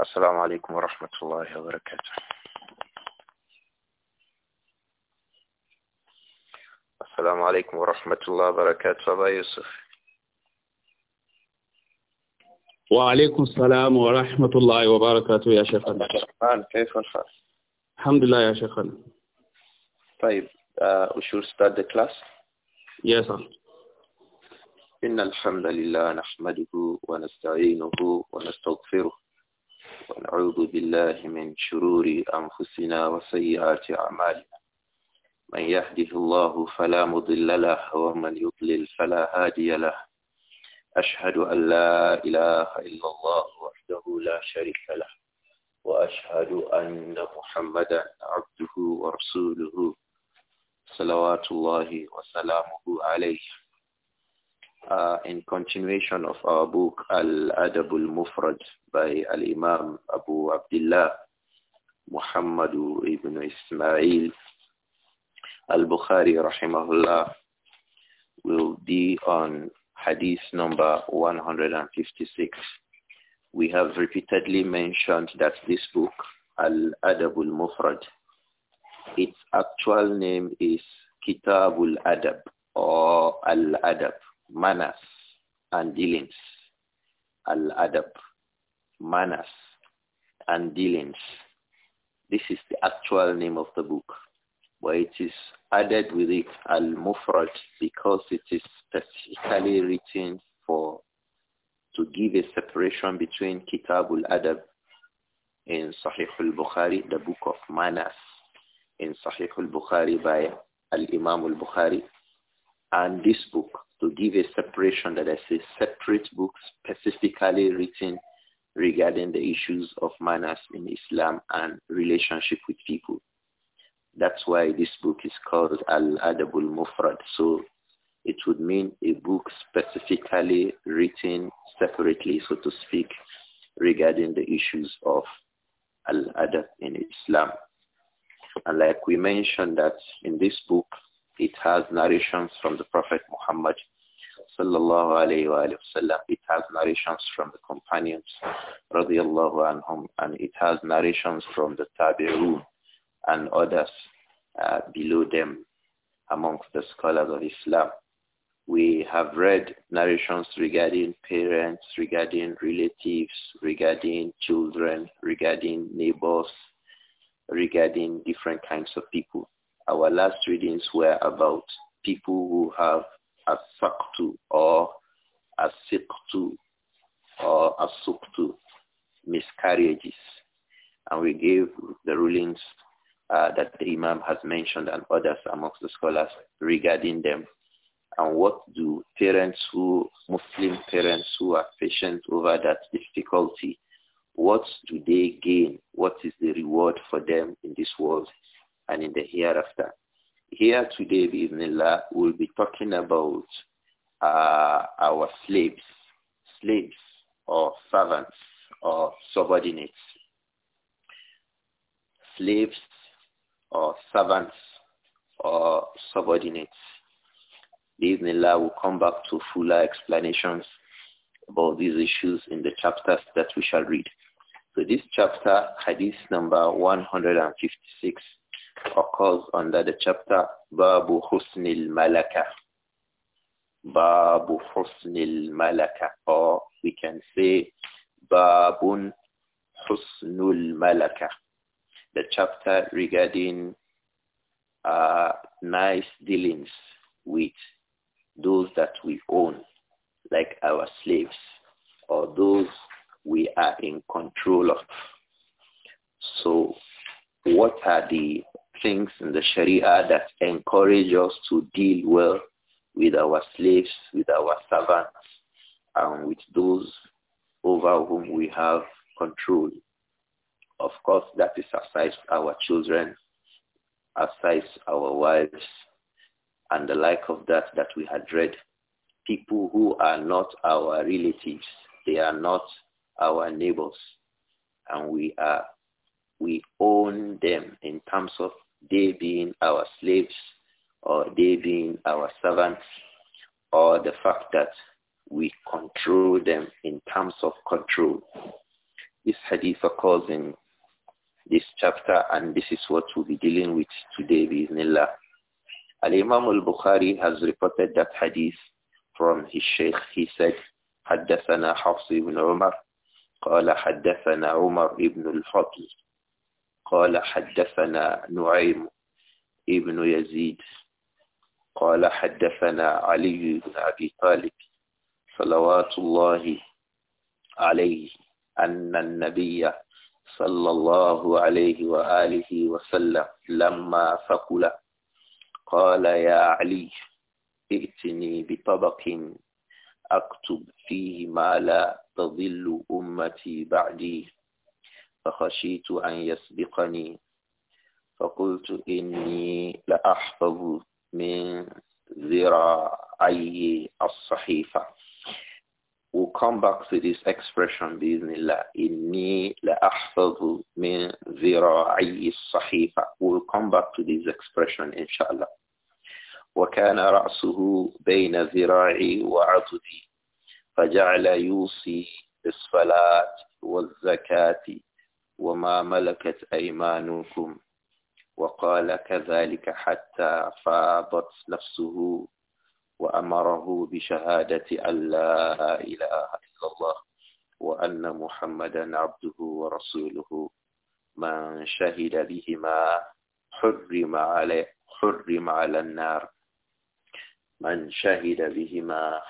السلام عليكم ورحمة الله وبركاته السلام عليكم ورحمة الله وبركاته أبا يوسف وعليكم السلام ورحمة الله وبركاته يا شيخنا كيف الحال؟ الحمد لله يا شيخنا طيب وشو آه، we should يا سلام إن الحمد لله نحمده ونستعينه ونستغفره ونعوذ بالله من شرور أنفسنا وسيئات أعمالنا من يهده الله فلا مضل له ومن يضلل فلا هادي له أشهد أن لا إله إلا الله وحده لا شريك له وأشهد أن محمدا عبده ورسوله صلوات الله وسلامه عليه Uh, in continuation of our book Al-Adab al-Mufrad by Al-Imam Abu Abdullah Muhammad ibn Ismail Al-Bukhari rahimahullah will be on hadith number 156. We have repeatedly mentioned that this book, Al-Adab al-Mufrad, its actual name is Kitabul adab or Al-Adab, Manners and Dealings. Al-Adab, manners, and dealings. This is the actual name of the book, but it is added with it al-mufrad because it is specifically written for to give a separation between Kitabul adab in Sahih al-Bukhari, the book of manners in Sahih al-Bukhari by al-Imam al-Bukhari, and this book to give a separation that is a separate book specifically written regarding the issues of manners in Islam and relationship with people. That's why this book is called Al-Adabul Mufrad. So it would mean a book specifically written separately, so to speak, regarding the issues of Al-Adab in Islam. And like we mentioned that in this book, it has narrations from the Prophet Muhammad sallallahu alayhi wa it has narrations from the companions, radiallahu anhum, and it has narrations from the tabi'un and others uh, below them amongst the scholars of Islam. We have read narrations regarding parents, regarding relatives, regarding children, regarding neighbors, regarding different kinds of people. Our last readings were about people who have as or as-siqtu or as-suqtu, miscarriages. And we gave the rulings uh, that the Imam has mentioned and others amongst the scholars regarding them. And what do parents who, Muslim parents who are patient over that difficulty, what do they gain? What is the reward for them in this world and in the hereafter? here today, Bismillah, we'll be talking about uh, our slaves, slaves or servants or subordinates. Slaves or servants or subordinates. Bismillah, we'll come back to fuller explanations about these issues in the chapters that we shall read. So this chapter, hadith number 156, occurs under the chapter Babu Husnil Malaka. Babu Husnil Malaka. Or we can say Babun Husnul Malaka. The chapter regarding uh, nice dealings with those that we own, like our slaves, or those we are in control of. So what are the things in the Sharia that encourage us to deal well with our slaves, with our servants, and with those over whom we have control. Of course, that is aside our children, aside our wives, and the like of that that we had read. People who are not our relatives, they are not our neighbors, and we are we own them in terms of they being our slaves or they being our servants or the fact that we control them in terms of control. This hadith occurs in this chapter and this is what we'll be dealing with today, bismillah. Al-Imam al-Bukhari has reported that hadith from his sheikh. He said, حدثنا حفص بن عمر قال حدثنا عمر بن الفضل قال حدثنا نعيم ابن يزيد قال حدثنا علي بن أبي طالب صلوات الله عليه أن النبي صلى الله عليه وآله وسلم لما فقل قال يا علي ائتني بطبق أكتب فيه ما لا تضل أمتي بعدي فخشيت أن يسبقني فقلت إني لأحفظ من ذراعي الصحيفة We'll come back to this expression بإذن الله إني لأحفظ من ذراعي الصحيفة We'll come back to this expression إن شاء الله وكان رأسه بين ذراعي وعضدي فجعل يوصي بالصلاة والزكاة وما ملكت أيمانكم وقال كذلك حتى فاضت نفسه وأمره بشهادة أن لا إله إلا الله وأن محمدا عبده ورسوله من شهد بهما حرم عليه حرم على النار من شهد بهما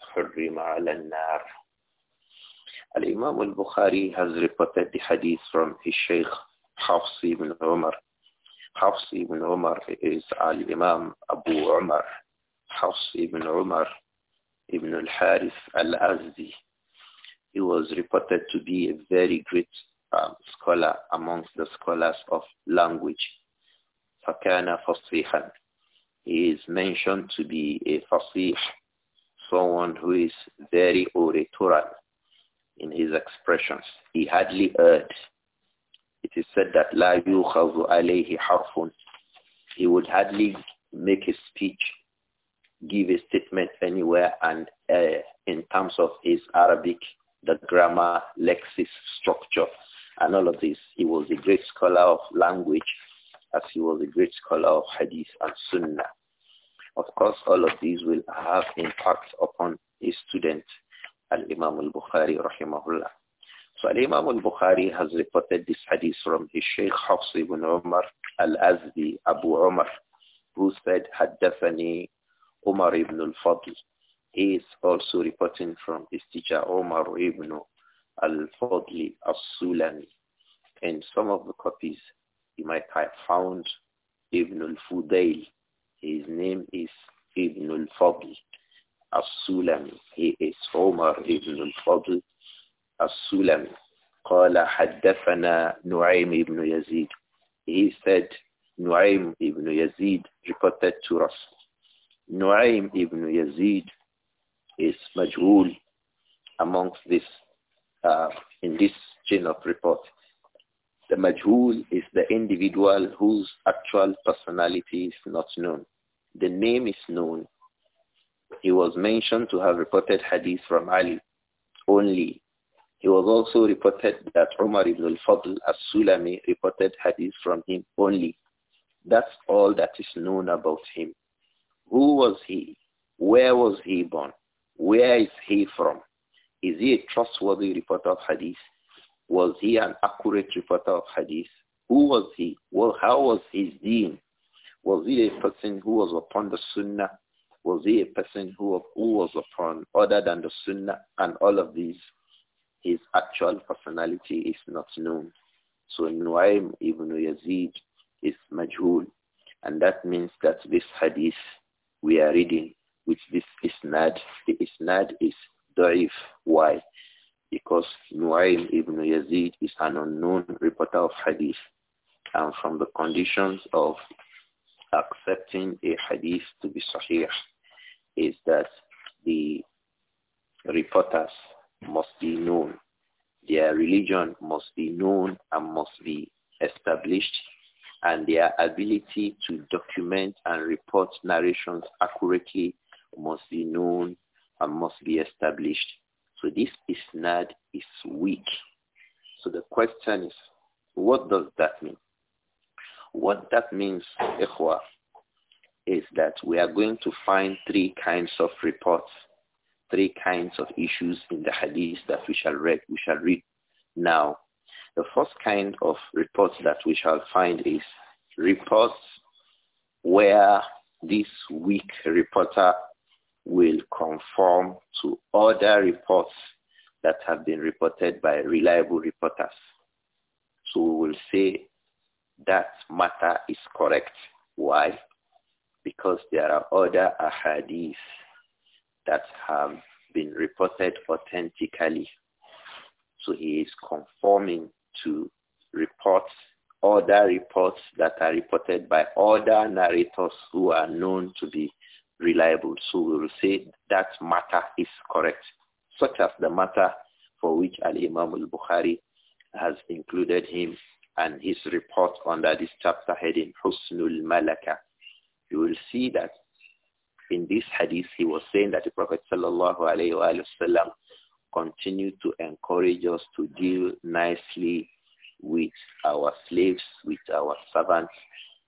حرم على النار Al-Imam al-Bukhari has reported the hadith from his Shaykh Hafs ibn Umar. Hafs ibn Umar is Al-Imam Abu Umar. Hafs ibn Umar ibn al-Harith al-Azdi. He was reported to be a very great um, scholar amongst the scholars of language. Fakana fasihan. He is mentioned to be a fasih, someone who is very oratorial in his expressions. He hardly erred. It is said that La yukhazu alayhi harfun. He would hardly make a speech, give a statement anywhere and uh, in terms of his Arabic, the grammar, lexis, structure, and all of this. He was a great scholar of language as he was a great scholar of hadith and sunnah. Of course, all of these will have impact upon his students Al-Imam al-Bukhari rahimahullah. So Al-Imam al-Bukhari has reported this hadith from his Sheikh Hafs ibn Umar al-Azdi Abu Umar who said Haddathani Umar ibn al-Fadl. He is also reporting from his teacher Umar ibn al-Fadli al-Sulami. In some of the copies, you might have found Ibn al-Fudail. His name is Ibn al-Fadl. السلمي he is عمر بن الفضل السلمي قال حدثنا نعيم ابن يزيد he said نعيم ابن يزيد reported to us. نعيم ابن يزيد is مجهول amongst this, uh, in this chain of report. The majhul is the individual whose actual personality is not known. The name is known, he was mentioned to have reported hadith from Ali only. He was also reported that Umar ibn al-Fadl as-Sulami reported hadith from him only. That's all that is known about him. Who was he? Where was he born? Where is he from? Is he a trustworthy reporter of hadith? Was he an accurate reporter of hadith? Who was he? Well, how was his deen? Was he a person who was upon the sunnah? Was he a person who, who was upon other than the sunnah and all of these? His actual personality is not known. So Nuaym ibn Yazid is majhul. And that means that this hadith we are reading with this isnad, the isnad is da'if. Why? Because Nuaym ibn Yazid is an unknown reporter of hadith. And from the conditions of accepting a hadith to be sahih is that the reporters must be known. Their religion must be known and must be established and their ability to document and report narrations accurately must be known and must be established. So this not is weak. So the question is, what does that mean? What that means, ikhwa, is that we are going to find three kinds of reports, three kinds of issues in the hadith that we shall read, we shall read now. The first kind of reports that we shall find is reports where this weak reporter will conform to other reports that have been reported by reliable reporters. So we will say that matter is correct. Why? because there are other ahadith that have been reported authentically. So he is conforming to reports, other reports that are reported by other narrators who are known to be reliable. So we will say that matter is correct, such as the matter for which Al-Imam al-Bukhari has included him and his report under this chapter heading Husnul Malaka you will see that in this hadith, he was saying that the Prophet sallallahu alayhi continued to encourage us to deal nicely with our slaves, with our servants,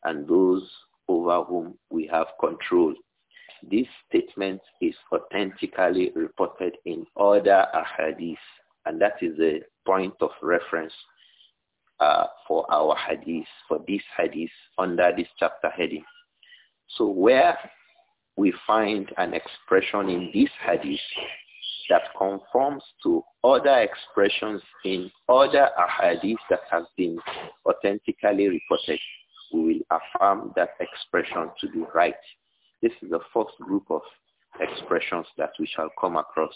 and those over whom we have control. This statement is authentically reported in other hadiths, and that is a point of reference uh, for our hadith, for this hadith under this chapter heading. So where we find an expression in this hadith that conforms to other expressions in other ahadith that have been authentically reported, we will affirm that expression to be right. This is the first group of expressions that we shall come across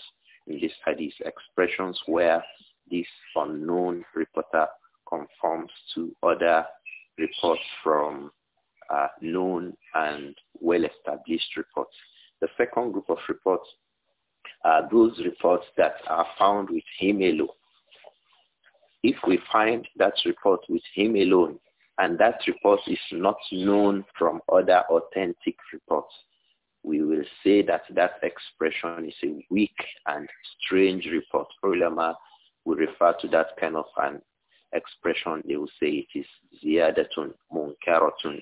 in this hadith, expressions where this unknown reporter conforms to other reports from known and well-established reports. The second group of reports are those reports that are found with him alone. If we find that report with him alone, and that report is not known from other authentic reports, we will say that that expression is a weak and strange report. Ulama will refer to that kind of an expression. They will say it is ziyadatun munkaratun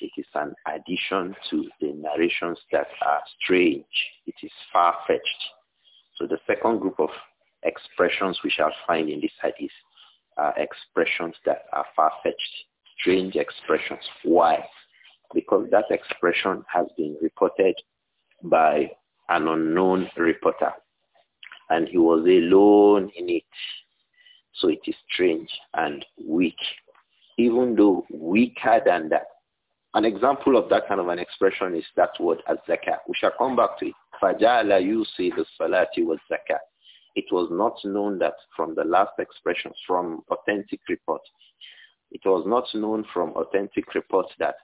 it is an addition to the narrations that are strange. It is far-fetched. So the second group of expressions we shall find in this hadith are expressions that are far-fetched, strange expressions. Why? Because that expression has been reported by an unknown reporter and he was alone in it. So it is strange and weak. Even though weaker than that, an example of that kind of an expression is that word az We shall come back to it. the saláti was وَالزَّكَاةِ It was not known that from the last expressions, from authentic report, it was not known from authentic reports that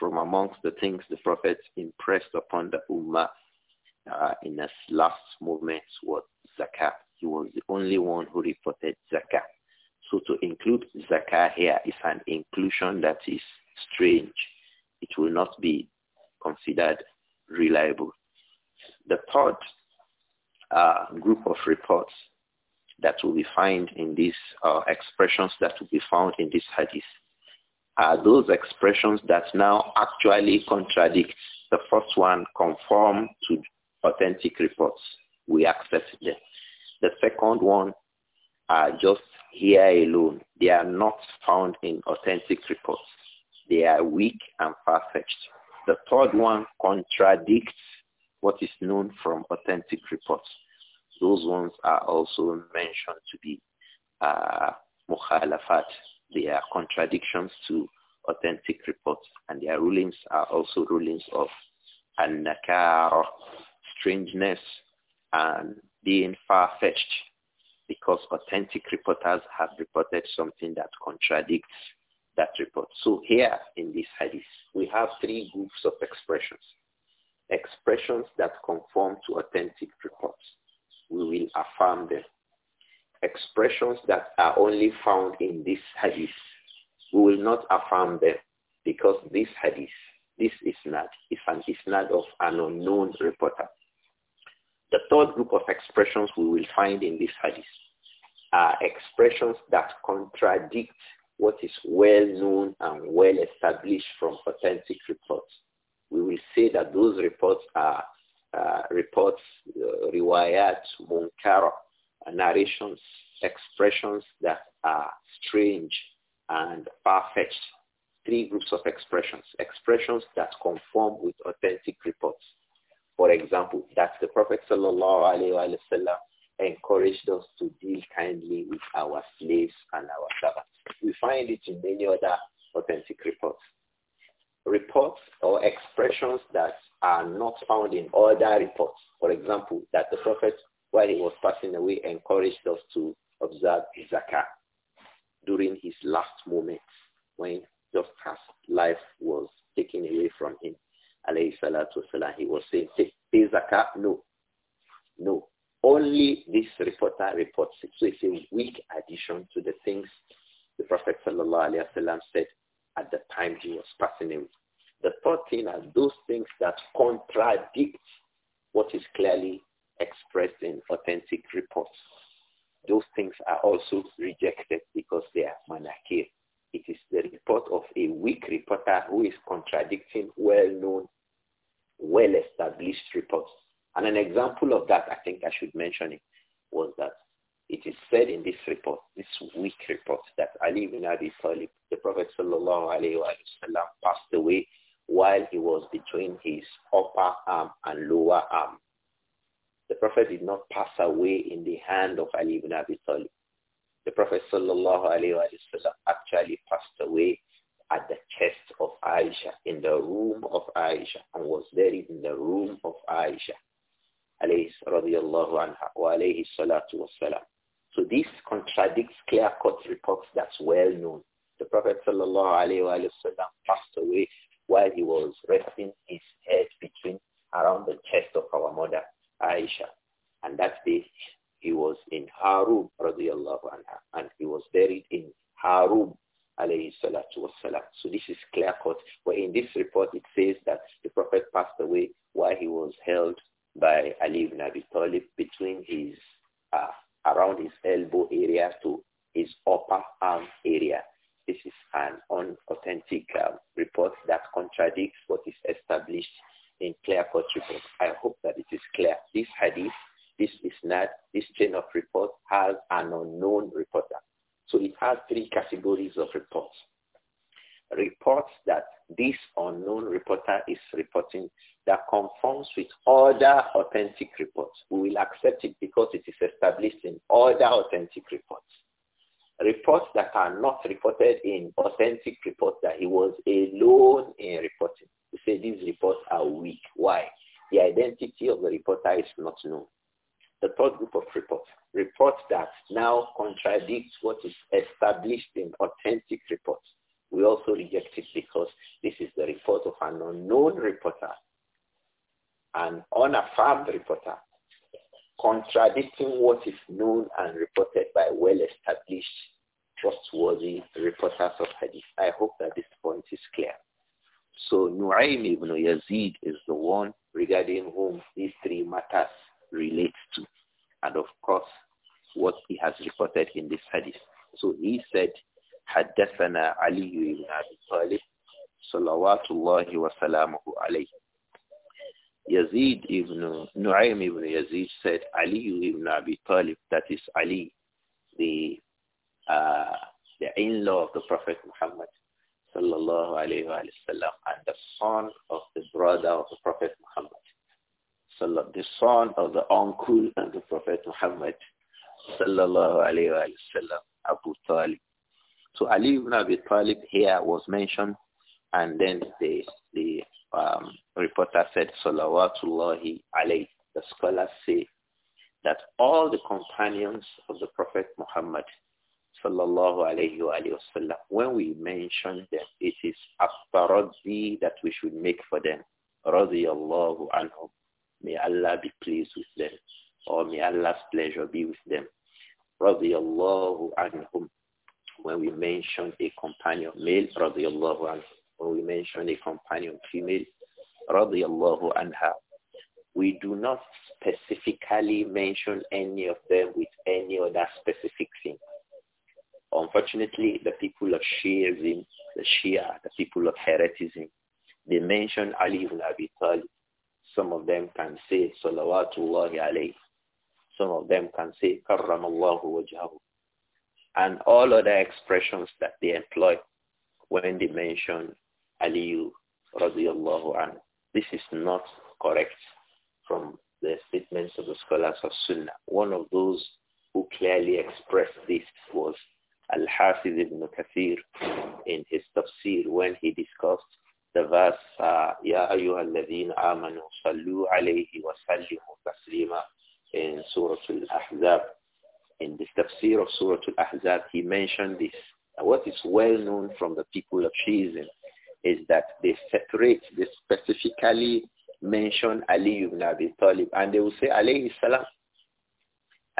from amongst the things the Prophet impressed upon the Ummah uh, in his last movements was zakat. He was the only one who reported zakat. So to include zakat here is an inclusion that is strange it will not be considered reliable. The third uh, group of reports that will be found in these uh, expressions that will be found in this hadith are those expressions that now actually contradict the first one, conform to authentic reports. We accept them. The second one are just here alone. They are not found in authentic reports they are weak and far-fetched. The third one contradicts what is known from authentic reports. Those ones are also mentioned to be uh, They are contradictions to authentic reports and their rulings are also rulings of an-nakar, strangeness and being far-fetched because authentic reporters have reported something that contradicts that report. So here in this hadith, we have three groups of expressions. Expressions that conform to authentic reports. We will affirm them. Expressions that are only found in this hadith. We will not affirm them because this hadith, this is not, is an of an unknown reporter. The third group of expressions we will find in this hadith are expressions that contradict what is well known and well established from authentic reports. We will say that those reports are uh, reports, uh, riwayat, munkara, narrations, expressions that are strange and far-fetched. Three groups of expressions. Expressions that conform with authentic reports. For example, that the Prophet sallallahu alayhi wa sallam encouraged us to deal kindly with our slaves and our servants. We find it in many other authentic reports. Reports or expressions that are not found in other reports. For example, that the Prophet, while he was passing away, encouraged us to observe zakah during his last moments when just as life was taken away from him. Alayhi salatu wasalam. He was saying, pay zakah? No. No. Only this reporter reports it. So it's a weak addition to the things the Prophet ﷺ said at the time he was passing away. The third thing are those things that contradict what is clearly expressed in authentic reports. Those things are also rejected because they are manakir. It is the report of a weak reporter who is contradicting well-known, well-established reports. And an example of that, I think I should mention it, was that it is said in this report, this weak report, that Ali ibn Abi Talib, the Prophet sallallahu passed away while he was between his upper arm and lower arm. The Prophet did not pass away in the hand of Ali ibn Abi Talib. The Prophet sallallahu actually passed away at the chest of Aisha, in the room of Aisha, and was buried in the room of Aisha anha wa alayhi salatu wassalam. So this contradicts clear-cut reports that's well known. The Prophet sallallahu alayhi wa sallam, passed away while he was resting his head between around the chest of our mother Aisha. And that day he was in Harub radiallahu anha and he was buried in Harub alayhi salatu wassalam. So this is clear cut. But in this report it says that the Prophet passed away while he was held by Ali ibn Abi Talib between his, uh, around his elbow area to his upper arm area. This is an unauthentic uh, um, report that contradicts what is established in clear court reports. I hope that it is clear. This hadith, this is not, this chain of reports has an unknown reporter. So it has three categories of reports. Reports that this unknown reporter is reporting that conforms with other authentic reports. We will accept it because it is established in other authentic reports. Reports that are not reported in authentic reports that he was alone in reporting. We say these reports are weak. Why? The identity of the reporter is not known. The third group of reports, reports that now contradict what is established in authentic reports. We also reject it because this is the report of an unknown reporter an unaffirmed reporter, contradicting what is known and reported by well-established, trustworthy reporters of hadith. I hope that this point is clear. So Nu'aym ibn Yazid is the one regarding whom these three matters relate to. And of course, what he has reported in this hadith. So he said, حدثنا علي بن أبي طالب صلوات الله وسلامه عليه Yazid ibn Nu'aym ibn Yazid said Ali ibn Abi Talib, that is Ali, the uh, the in-law of the Prophet Muhammad sallallahu alayhi wa sallam and the son of the brother of the Prophet Muhammad sallam, the son of the uncle of the Prophet Muhammad sallallahu alayhi wa sallam, Abu Talib. So Ali ibn Abi Talib here was mentioned and then the, the um, reporter said, Salawatullahi alayhi. The scholars say that all the companions of the Prophet Muhammad, sallallahu alayhi wa sallam, when we mention them, it is aftaradzi that we should make for them. Radiallahu anhum. May Allah be pleased with them. Or may Allah's pleasure be with them. Radiallahu anhum. When we mention a companion, male, radiallahu anhum or we mention a companion, female, radiallahu anha, we do not specifically mention any of them with any other specific thing. Unfortunately, the people of Shiism, the Shia, the people of heretism, they mention Ali ibn Abi Talib. Some of them can say Salawatullahi alayhi. Some of them can say Karramallahu Wajahu, And all other expressions that they employ when they mention Ali radiallahu anhu. This is not correct from the statements of the scholars of Sunnah. One of those who clearly expressed this was Al-Hafiz ibn Kathir in his tafsir when he discussed the verse, uh, Ya ayyuhalladhina amanu sallu alayhi wa sallimu taslima in Surah Al-Ahzab. In the tafsir of Surah Al-Ahzab, he mentioned this. what is well known from the people of Shiism is that they separate, they specifically mention Ali ibn Abi Talib and they will say alayhi salam.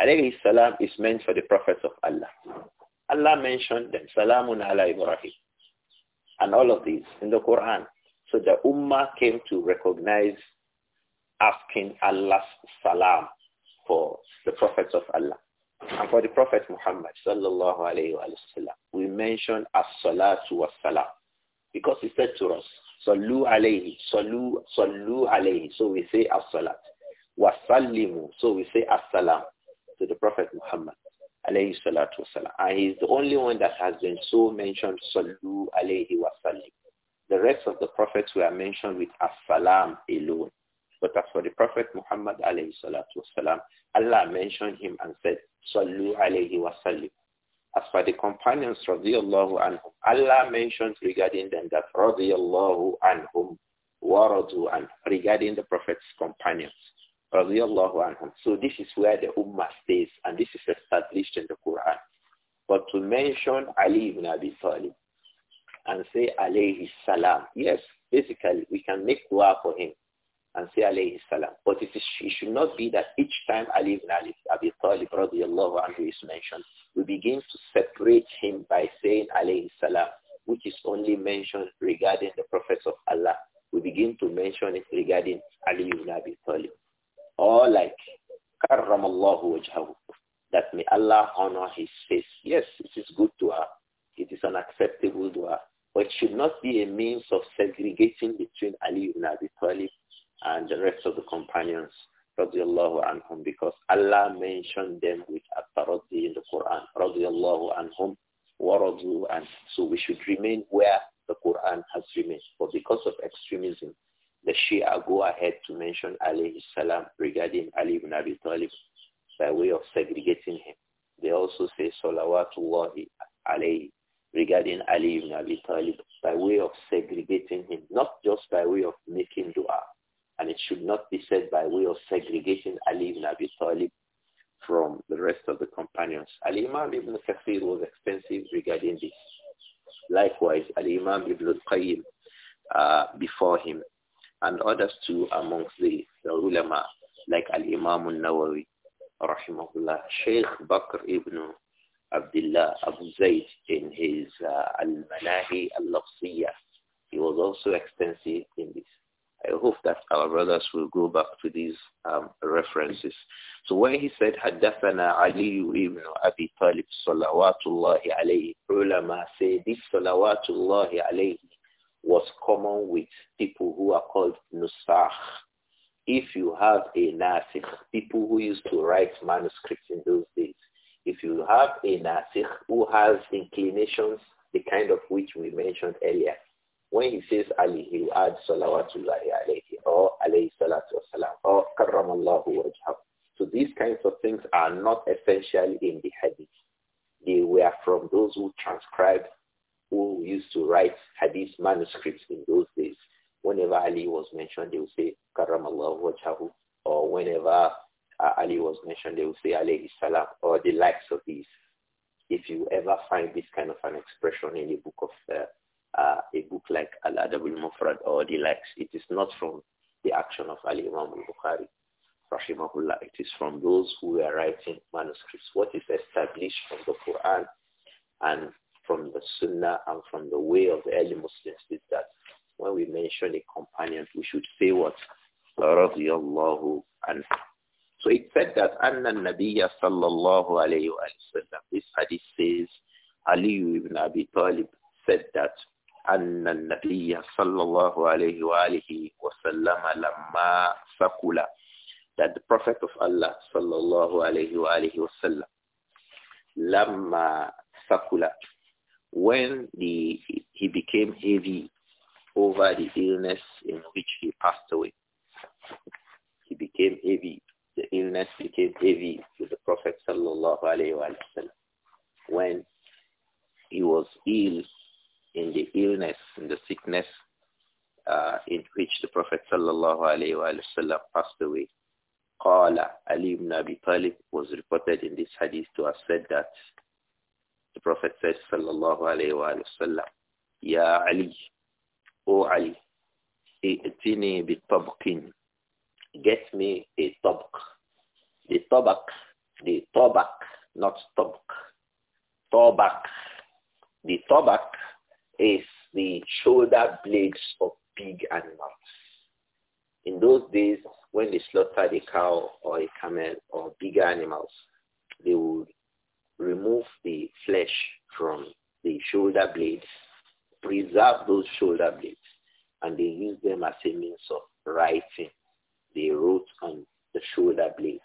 Alayhi salam is meant for the prophets of Allah. Allah mentioned them, salamun ala Ibrahim and all of these in the Quran. So the Ummah came to recognize asking Allah's salam for the prophets of Allah. And for the Prophet Muhammad sallallahu alayhi wa sallam, we mention as-salatu was-salam. Because he said to us, Salu alayhi, salu, salu alayhi. So we say as-salat. Wasallimu. So we say as-salam to the Prophet Muhammad. Alayhi salatu wasalam. And he's the only one that has been so mentioned, salu alayhi wasallim. The rest of the prophets were mentioned with as-salam alone. But as for the Prophet Muhammad alayhi salatu wasalam, Allah mentioned him and said, Salu alayhi wasallim. As for the companions, radiallahu anhum, Allah mentioned regarding them that radiallahu anhum waradu and regarding the Prophet's companions, radiallahu anhum. So this is where the Ummah stays and this is established in the Quran. But to mention Ali ibn Abi Talib and say alayhi salam, yes, basically we can make dua for him and say alayhi salam. But it, is, it should not be that each time Ali ibn Ali, Abi Talib radiallahu anhu is mentioned, we begin to separate him by saying alayhi salam, which is only mentioned regarding the prophets of Allah. We begin to mention it regarding Ali ibn Abi Talib. Or like, karramallahu wajhahu, that may Allah honor his face. Yes, it is good dua. It is an acceptable dua. But it should not be a means of segregating between Ali ibn Abi Talib and the rest of the companions radiallahu because Allah mentioned them with authority in the Quran radiallahu and so we should remain where the Quran has remained but because of extremism the Shia go ahead to mention alayhi salam regarding Ali ibn Abi Talib by way of segregating him they also say salawatullahi alayhi regarding Ali ibn Abi Talib by way of segregating him, not just by way of making dua, and it should not be said by way of segregating Ali ibn Abi Talib from the rest of the companions. Ali imam ibn Kathir was expensive regarding this. Likewise, Ali imam ibn al-Qayyim uh, before him and others too amongst the, the ulama like Al-Imam al-Nawawi, rahimahullah, Sheikh Bakr ibn Abdullah Abu Zayd in his uh, Al-Manahi al-Lafsiyah. He was also extensive in this. I hope that our brothers will go back to these um, references. So when he said, Haddathana Ali ibn Abi Talib salawatullahi alayhi, ulama say this salawatullahi alayhi was common with people who are called nusakh. If you have a nasikh, people who used to write manuscripts in those days, if you have a nasikh who has inclinations, the kind of which we mentioned earlier, when he says Ali, he will add salawatullahi alayhi or alayhi salatu wasalam or karramallahu wajhahu. So these kinds of things are not essential in the hadith. They were from those who transcribed, who used to write hadith manuscripts in those days. Whenever Ali was mentioned, they would say karramallahu wajhahu or whenever uh, Ali was mentioned, they would say alayhi salam or the likes of these. If you ever find this kind of an expression in the book of uh, uh, a book like Al-Adab al-Mufrad or the likes. It is not from the action of Ali imam al-Bukhari, rahimahullah. It is from those who were writing manuscripts. What is established from the Quran and from the Sunnah and from the way of the early Muslims is that when we mention a companion, we should say what? Radiallahu anhu. So it said that Anna Nabiya sallallahu alayhi wa sallam, this hadith says, Ali ibn Abi Talib said that أن النبي صلى الله عليه وآله وسلم لما that the Prophet of Allah صلى الله عليه وآله وسلم لما when the, he became heavy over the illness in which he passed away. He became heavy. The illness became heavy to the Prophet sallallahu alaihi wasallam when he was ill in the illness, in the sickness uh, in which the Prophet sallallahu alayhi wa passed away. Qala Ali ibn Abi Talib was reported in this hadith to have said that the Prophet said sallallahu alayhi wa sallam, Ya Ali, O Ali, i'tini bi tabqin. Get me a tabq. The tabak, the tabak, not tabq. Tabak. The tabak is the shoulder blades of big animals. In those days, when they slaughtered a cow or a camel or bigger animals, they would remove the flesh from the shoulder blades, preserve those shoulder blades, and they use them as a means of writing. They wrote on the shoulder blades.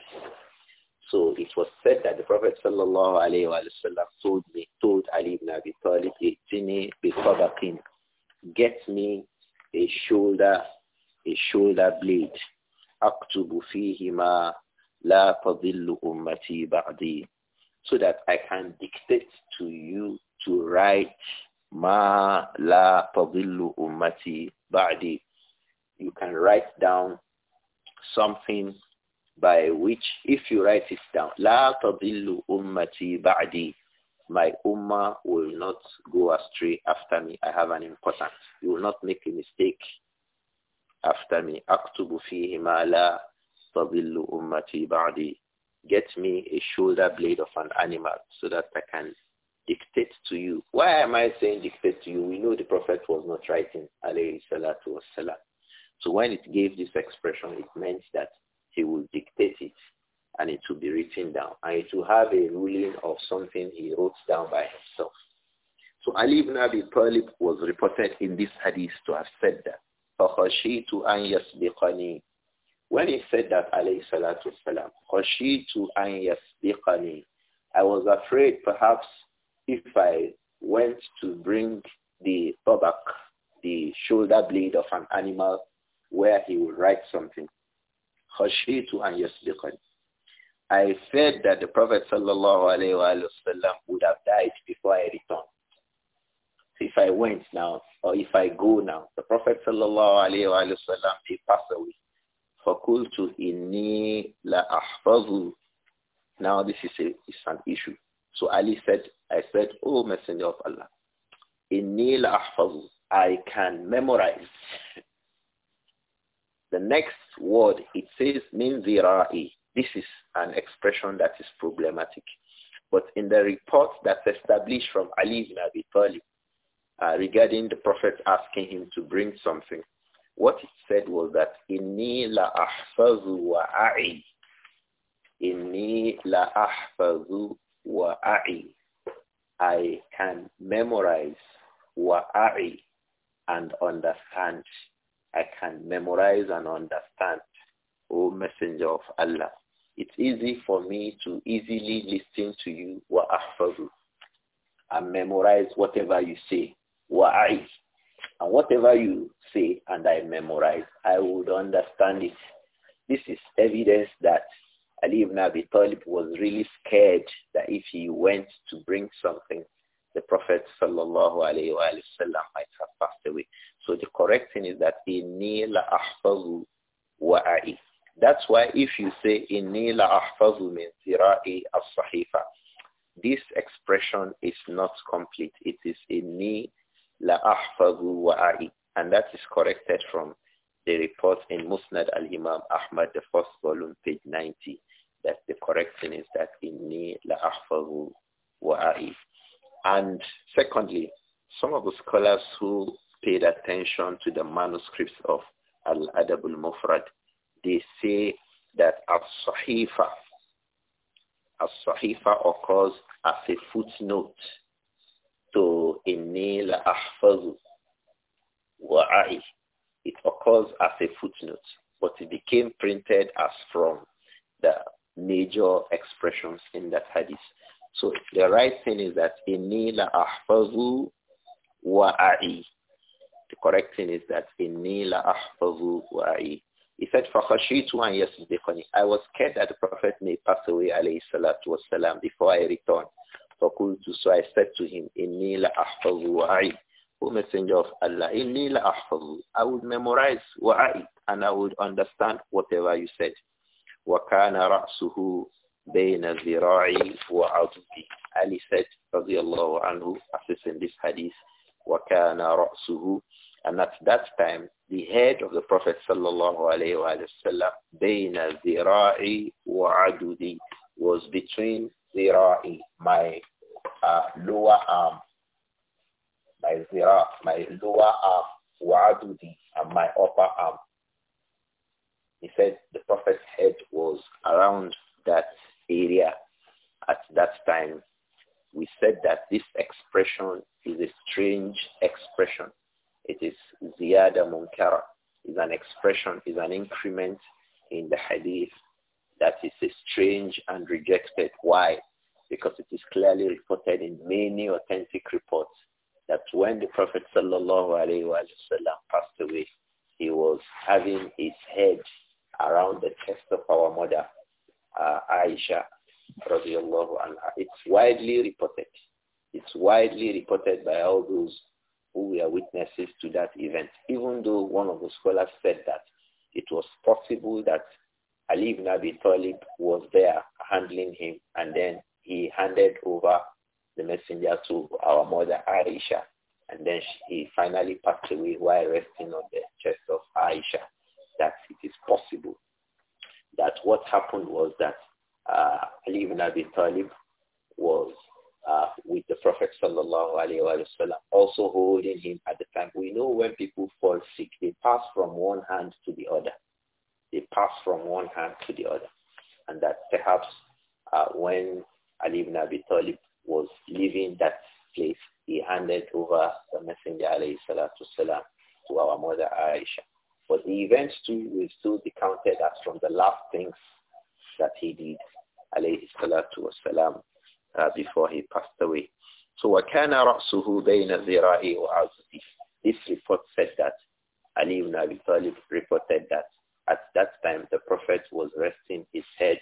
So it was said that the Prophet sallallahu alayhi wa told me, told Ali ibn Abi Talib, Ijini bi get me a shoulder, a shoulder blade. أكتب فيهما لا تضل أمتي بعدي so that I can dictate to you to write ما لا تضل أمتي بعدي you can write down something by which, if you write it down, لا تضل أمتي بعدي my ummah will not go astray after me. I have an important. You will not make a mistake after me. أكتب فيهما لا تضل أمتي بعدي. Get me a shoulder blade of an animal so that I can dictate to you. Why am I saying dictate to you? We know the Prophet was not writing, alayhi salatu wasalam. So when it gave this expression, it meant that he will dictate it and it will be written down. And it will have a ruling of something he wrote down by himself. So Ali ibn Abi Talib was reported in this hadith to have said that. فَخَشِيتُ أَنْ يَسْبِقَنِي When he said that, alayhi salatu wasalam, خَشِيتُ أَنْ يَسْبِقَنِي I was afraid perhaps if I went to bring the tabak, the shoulder blade of an animal where he would write something. I feared that the Prophet sallallahu would have died before I returned. So if I went now, or if I go now, the Prophet sallallahu alayhi wa he passed away. فَقُلْتُ إِنِّي لَأَحْفَظُ Now this is, a, is an issue. So Ali said, I said, O Messenger of Allah, إِنِّي لَأَحْفَظُ I can memorize The next word it says minzira'i. This is an expression that is problematic. But in the report that's established from Ali ibn Abi Talib uh, regarding the Prophet asking him to bring something, what it said was that inni la ahfazu wa a'i. Inni la ahfazu wa a'i. I can memorize wa a'i and understand I can memorize and understand, O Messenger of Allah. It's easy for me to easily listen to you, wa and memorize whatever you say, wa And whatever you say and I memorize, I would understand it. This is evidence that Ali ibn Abi Talib was really scared that if he went to bring something, the Prophet sallallahu alaihi wasallam might have passed away. So the correct thing is that inni la ahfazu wa'i. That's why if you say inni la ahfazu min sira'i as-sahifa, this expression is not complete. It is inni la ahfazu wa'i. And that is corrected from the report in Musnad al-Imam Ahmad, the first volume, page 90, that the correction is that inni la ahfazu wa'i. And secondly, some of the scholars who paid attention to the manuscripts of Al-Adab al-Mufrad, they say that As-Sahifa, al sahifa occurs as a footnote to Inil la-Ahfazu wa'i. It occurs as a footnote, but it became printed as from the major expressions in that hadith. So the right thing is that Inil la-Ahfazu wa'i. The correct thing is that inni la ahfazu wa He said, فَخَشِيتُ أَنْ يَصْدِقَنِي I was scared that the Prophet may pass away, alayhi salatu wasalam, before I return. فَقُلْتُ So I said to him, إِنِّي لَا أَحْفَظُ وَعِي O Messenger of Allah, إِنِّي لَا أَحْفَظُ I would memorize وَعِي and I would understand whatever you said. وَكَانَ رَأْسُهُ بَيْنَ ذِرَاعِي وَعَضُبِي Ali said, رضي الله عنه, as in this hadith, وَكَانَ رَأْسُهُ and at that time, the head of the Prophet sallallahu alayhi wa sallam, zira'i wa adudi, was between zira'i, my uh, lower arm, my zira, my lower arm, wa adudi, and my upper arm. He said the Prophet's head was around that area at that time. We said that this expression is a strange expression it is ziyada munkara. is an expression, is an increment in the hadith that is strange and rejected. Why? Because it is clearly reported in many authentic reports that when the Prophet sallallahu passed away, he was having his head around the chest of our mother, uh, Aisha radiallahu anha. It's widely reported. It's widely reported by all those who were witnesses to that event, even though one of the scholars said that it was possible that Ali ibn Abi Talib was there handling him and then he handed over the messenger to our mother Aisha and then he finally passed away while resting on the chest of Aisha that it is possible that what happened was that uh, Ali ibn Abi Talib was uh, with the Prophet also holding him at the time. We know when people fall sick, they pass from one hand to the other. They pass from one hand to the other, and that perhaps uh, when Ali ibn Abi Talib was leaving that place, he handed over the Messenger alayhi to our mother Aisha. But the events too will still be counted as from the last things that he did alayhi uh, before he passed away. So وَكَانَ رَأْسُهُ بَيْنَ الذِّرَاءِ وَعَزْدِهِ This report said that Ali ibn Abi Talib reported that at that time the Prophet was resting his head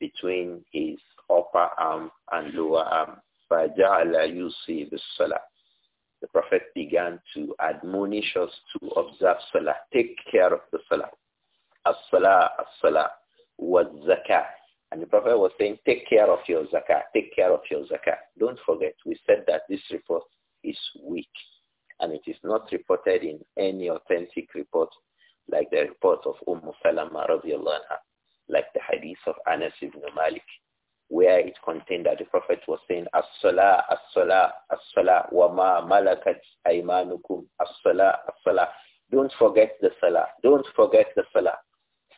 between his upper arm and lower arm. فَجَعَلَ يُوسِي بِالصَّلَاةِ The Prophet began to admonish us to observe Salah. Take care of the Salah. As-Salah, As-Salah, wa-Zakah. And the Prophet was saying, take care of your zakah, take care of your zakah. Don't forget, we said that this report is weak and it is not reported in any authentic report like the report of Umm Salama radiallahu anha, like the hadith of Anas ibn Malik, where it contained that the Prophet was saying, As-salah, as-salah, as-salah, wa ma malakat aymanukum, as-salah, as-salah. Don't forget the salah, don't forget the salah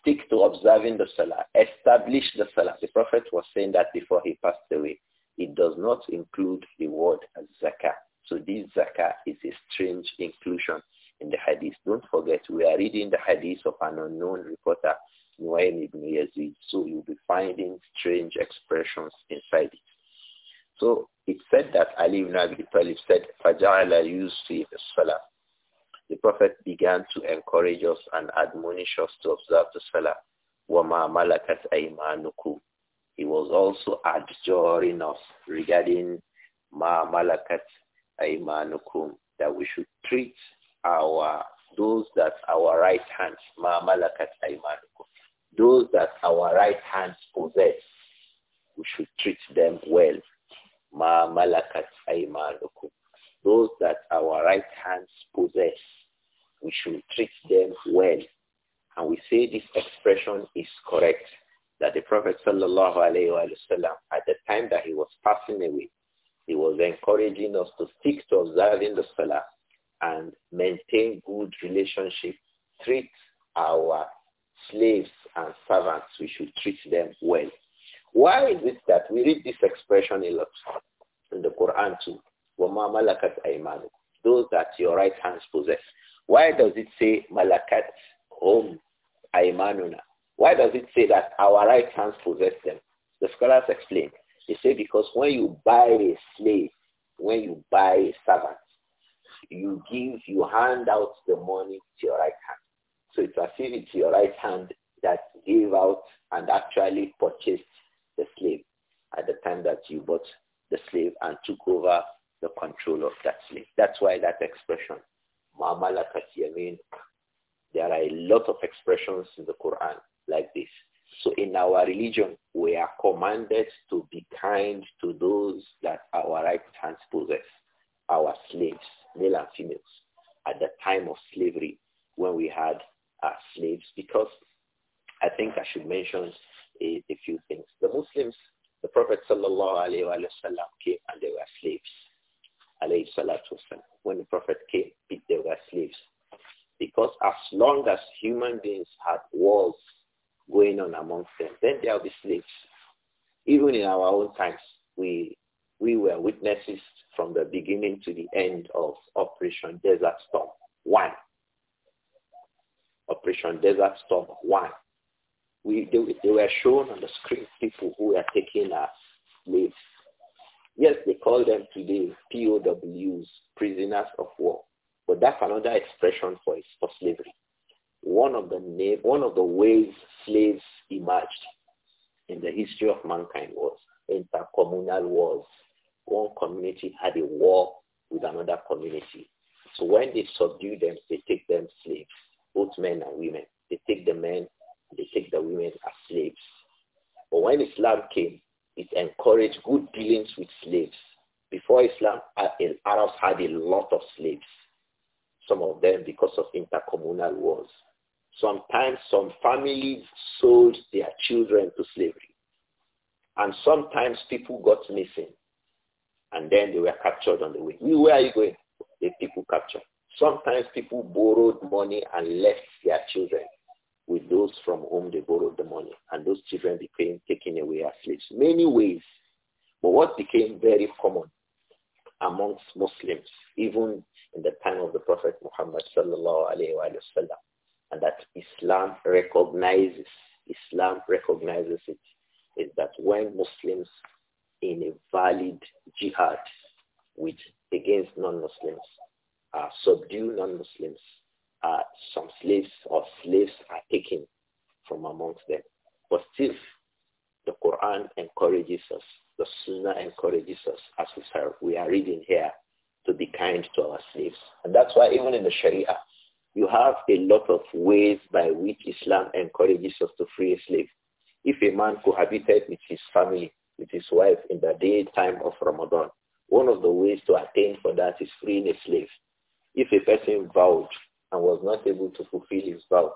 stick to observing the salah, establish the salah. The Prophet was saying that before he passed away. It does not include the word zakah. So this zakah is a strange inclusion in the hadith. Don't forget, we are reading the hadith of an unknown reporter, Nuaym ibn Yazid. So you'll be finding strange expressions inside it. So it said that Ali ibn Abi Talib said, فَجَعَلَ يُسْفِي salah the Prophet began to encourage us and admonish us to observe the Salah. وَمَا مَلَكَتْ أَيْمَانُكُمْ He was also adjuring us regarding مَا مَلَكَتْ أَيْمَانُكُمْ that we should treat our those that our right hands مَا مَلَكَتْ أَيْمَانُكُمْ those that our right hands possess we should treat them well مَا مَلَكَتْ أَيْمَانُكُمْ those that our right hands possess we should treat them well. And we say this expression is correct, that the Prophet sallallahu at the time that he was passing away, he was encouraging us to stick to observing the Salah and maintain good relationship, treat our slaves and servants, we should treat them well. Why is it that we read this expression a lot in the Quran too? Those that your right hands possess. Why does it say Malakat home Aimanuna? Why does it say that our right hands possess them? The scholars explain. They say because when you buy a slave, when you buy a servant, you give, you hand out the money to your right hand. So it's was if to your right hand that gave out and actually purchased the slave at the time that you bought the slave and took over the control of that slave. That's why that expression, Ma malakat There are a lot of expressions in the Quran like this. So in our religion, we are commanded to be kind to those that our right hands possess, our slaves, male and females, at the time of slavery when we had our uh, slaves, because I think I should mention a, a few things. The Muslims, the Prophet sallallahu alaihi wasallam came and they were slaves alayhi salatu wasalam. When the Prophet came, they were slaves. Because as long as human beings had wars going on amongst them, then there will be slaves. Even in our own times, we, we were witnesses from the beginning to the end of Operation Desert Storm 1. Operation Desert Storm 1. We, they, they were shown on the screen people who were taken as slaves Yes, they call them today POWs, prisoners of war. But that's another expression for, for slavery. One of the one of the ways slaves emerged in the history of mankind was intercommunal wars. One community had a war with another community. So when they subdue them, they take them slaves, both men and women. They take the men, they take the women as slaves. But when Islam came, it encouraged good dealings with slaves. Before Islam, uh, Arabs had a lot of slaves. Some of them because of intercommunal wars. Sometimes some families sold their children to slavery. And sometimes people got missing. And then they were captured on the way. Where are you going? The people captured. Sometimes people borrowed money and left their children with those from whom they borrowed the money and those children became taken away as slaves. Many ways. But what became very common amongst Muslims, even in the time of the Prophet Muhammad sallallahu alayhi wa sallam, and that Islam recognizes, Islam recognizes it, is that when Muslims in a valid jihad with against non-Muslims, uh, subdue non-Muslims, uh, some slaves or slaves are taken from amongst them. But still, the Quran encourages us. The Sunnah encourages us as we serve. We are reading here to be kind to our slaves. And that's why even in the Sharia, you have a lot of ways by which Islam encourages us to free a slave. If a man cohabited with his family, with his wife in the daytime of Ramadan, one of the ways to attain for that is freeing a slave. If a person vowed and was not able to fulfill his vow.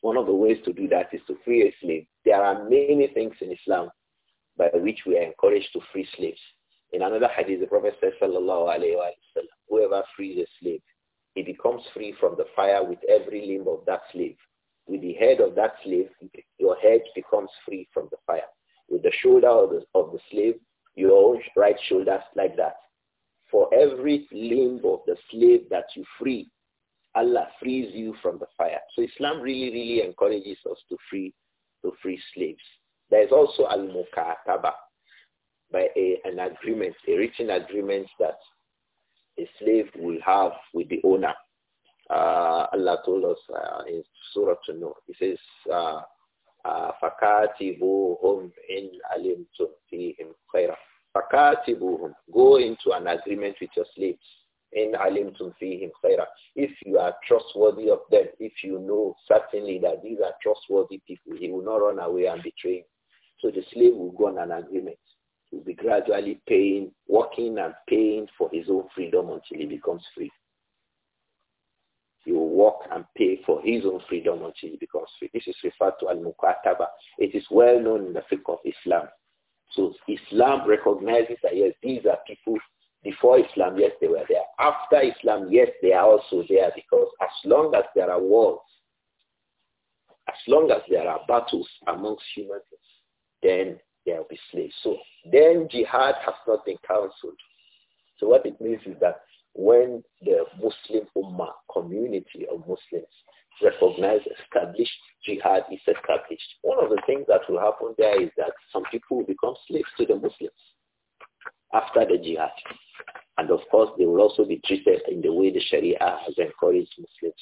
One of the ways to do that is to free a slave. There are many things in Islam by which we are encouraged to free slaves. In another hadith, the Prophet Sallallahu Alaihi Wasallam, whoever frees a slave, he becomes free from the fire with every limb of that slave. With the head of that slave, your head becomes free from the fire. With the shoulder of the, of the slave, your right shoulder, like that. For every limb of the slave that you free, Allah frees you from the fire. So Islam really, really encourages us to free, to free slaves. There is also al-mukataba, by a, an agreement, a written agreement that a slave will have with the owner. Uh, Allah told us uh, in Surah to know. He says, uh, uh in إِنْ عَلِمْتُمْ فِيهِمْ خَيْرًا Go into an agreement with your slaves in to fihim him. If you are trustworthy of them, if you know certainly that these are trustworthy people, he will not run away and betray him. So the slave will go on an agreement. He will be gradually paying, working and paying for his own freedom until he becomes free. He will work and pay for his own freedom until he becomes free. This is referred to al-mukataba. It is well known in the fiqh of Islam. So Islam recognizes that yes, these are people before Islam, yes, they were there. After Islam, yes, they are also there because as long as there are wars, as long as there are battles amongst humans, then there will be slaves. So then jihad has not been cancelled. So what it means is that when the Muslim Ummah, community of Muslims, recognize, establish jihad is established, one of the things that will happen there is that some people will become slaves to the Muslims after the jihad. And of course, they will also be treated in the way the Sharia has encouraged Muslims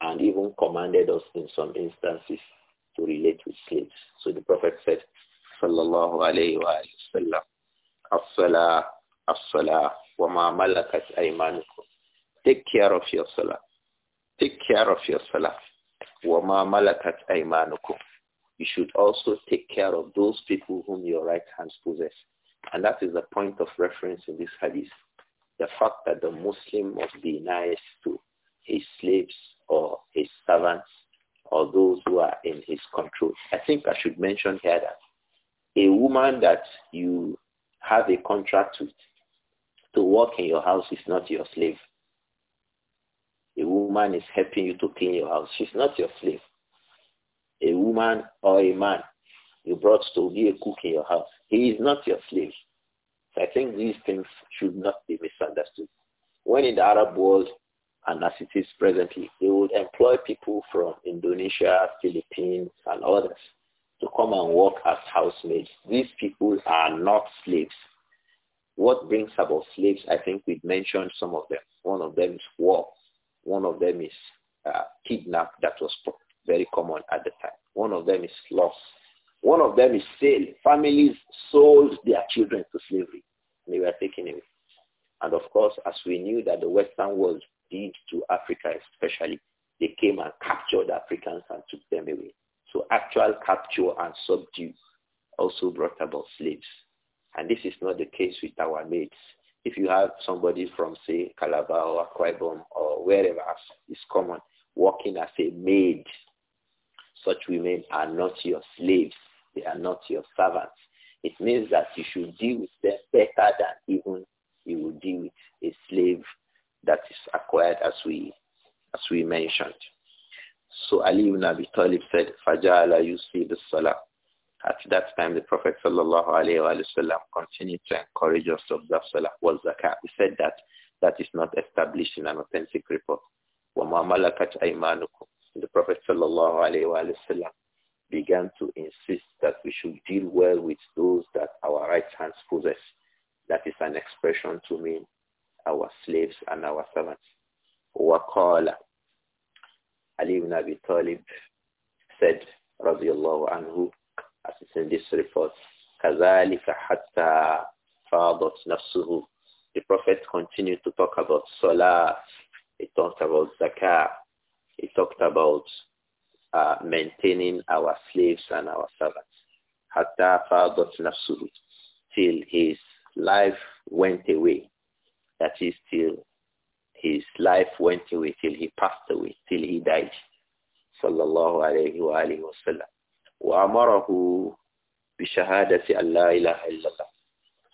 and even commanded us in some instances to relate with slaves. So the Prophet said, Sallallahu alayhi wa sallam, As-salah, as-salah, wa ma malakat aymanukum. Take care of your salah. Take care of your salah. Wa ma malakat aymanukum. You should also take care of those people whom your right hand possess. And that is the point of reference in this hadith. The fact that the Muslim must be nice to his slaves or his servants or those who are in his control. I think I should mention here that a woman that you have a contract with to work in your house is not your slave. A woman is helping you to clean your house. She's not your slave. A woman or a man you brought to be a cook in your house. He is not your slave. I think these things should not be misunderstood. When in the Arab world, and as it is presently, they would employ people from Indonesia, Philippines, and others to come and work as housemaids. These people are not slaves. What brings about slaves, I think we've mentioned some of them. One of them is war. One of them is uh, kidnap that was very common at the time. One of them is loss. One of them is sale. Families sold their children to slavery. They were taken away. And of course, as we knew that the Western world did to Africa especially, they came and captured Africans and took them away. So actual capture and subdue also brought about slaves. And this is not the case with our mates. If you have somebody from, say, Calabar or Akwaibom or wherever is common, working as a maid, such women are not your slaves. They are not your servants. It means that you should deal with them better than even you would deal with a slave that is acquired as we as we mentioned. So Ali ibn Abi Talib said, Fajala Yusuf Salah. At that time, the Prophet sallallahu alayhi wa continued to encourage us to observe Salah wal Zakat. He said that that is not established in an authentic report. وَمَا مَلَكَتْ أَيْمَانُكُمْ The Prophet sallallahu alayhi wa began to insist that we should deal well with those that our right hands possess. That is an expression to mean our slaves and our servants. وقال Ali ibn Abi Talib said, radiallahu anhu, as it's in this report, كَذَلِكَ حَتَّى فَاضَتْ نَفْسُهُ The Prophet continued to talk about salah, he talked about zakah, he talked about uh, maintaining our slaves and our servants. Hatta fadat nafsuhu. Till his life went away. That is till his life went away, till he passed away, till he died. Sallallahu alayhi wa alayhi wa sallam. وأمره بشهادة أن لا إله إلا الله.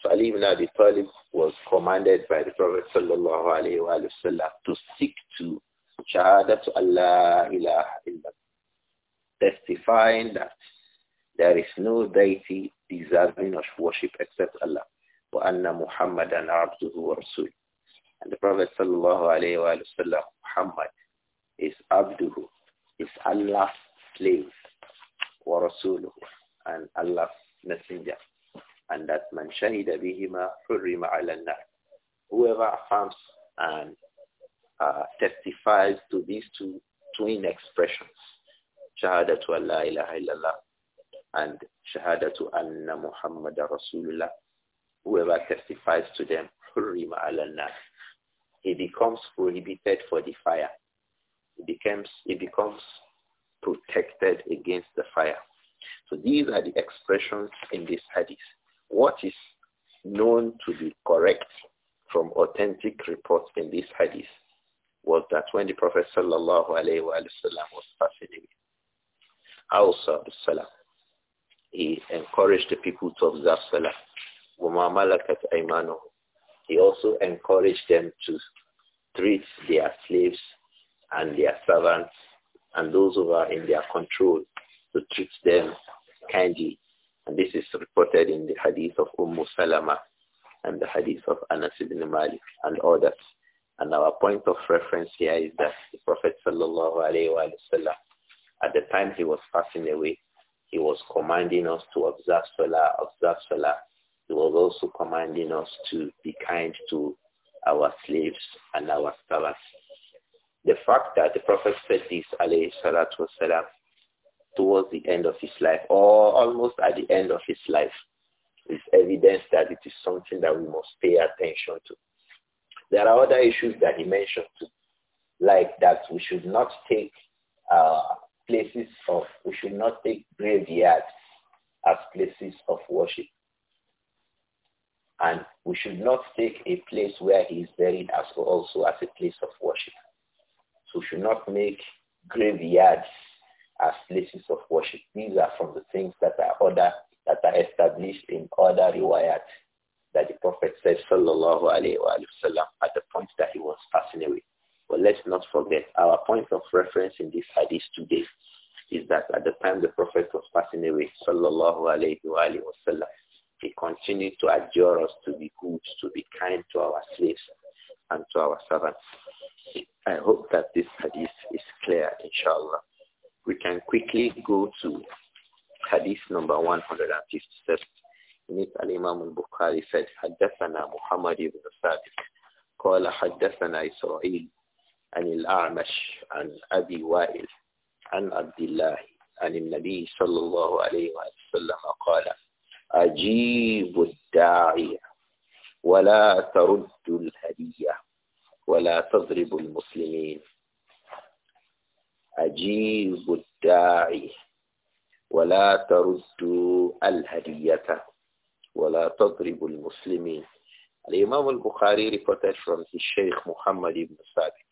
So Ali ibn Abi Talib was commanded by the Prophet sallallahu alayhi wa sallam to seek to shahada أن لا إله إلا testifying that there is no deity deserving of worship except Allah. وَأَنَّ مُحَمَّدًا عَبْدُهُ وَرَسُولُهُ And the Prophet sallallahu alayhi wa sallam, Muhammad, is abduhu, is Allah's slave, وَرَسُولُهُ And Allah's messenger. And that man شهِدَ بِهِمَا حُرِّمَ عَلَى النَّارِ Whoever affirms and uh, testifies to these two twin expressions, shahadatu alla ilaha illallah and shahadatu anna muhammad rasulullah whoever testifies to them hurrima he becomes prohibited for the fire it becomes becomes protected against the fire so these are the expressions in this hadith what is known to be correct from authentic reports in this hadith was that when the Prophet sallallahu alaihi wasallam was passing away, awsa salah. He encouraged the people to observe salah. He also encouraged them to treat their slaves and their servants and those who are in their control to treat them kindly. And this is reported in the hadith of Umm Salama and the hadith of Anas ibn Malik and others. And our point of reference here is that the Prophet sallallahu alayhi wa sallam at the time he was passing away, he was commanding us to observe Salah, observe Salah. He was also commanding us to be kind to our slaves and our servants. The fact that the Prophet said this, alayhi salatu wasalam, towards the end of his life, or almost at the end of his life, is evidence that it is something that we must pay attention to. There are other issues that he mentioned too, like that we should not take uh, places of, we should not take graveyards as places of worship. And we should not take a place where he is buried as also as a place of worship. So we should not make graveyards as places of worship. These are from the things that are order that are established in other riwayat that the Prophet said sallallahu alaihi wasallam, at the point that he was passing away. But let's not forget, our point of reference in this hadith today is that at the time the Prophet was passing away, sallallahu alayhi wa wasallam, he continued to adjure us to be good, to be kind to our slaves and to our servants. I hope that this hadith is clear, inshallah. We can quickly go to hadith number 157. In it, Al-Imam al-Bukhari said, حدثنا محمد بن قال حدثنا إسرائيل عن الأعمش عن أبي وائل عن عبد الله عن النبي صلى الله عليه وسلم قال أجيب الداعية ولا ترد الهدية ولا تضرب المسلمين أجيب الداعي ولا ترد الهدية ولا تضرب المسلمين الإمام البخاري reported الشيخ محمد بن Muhammad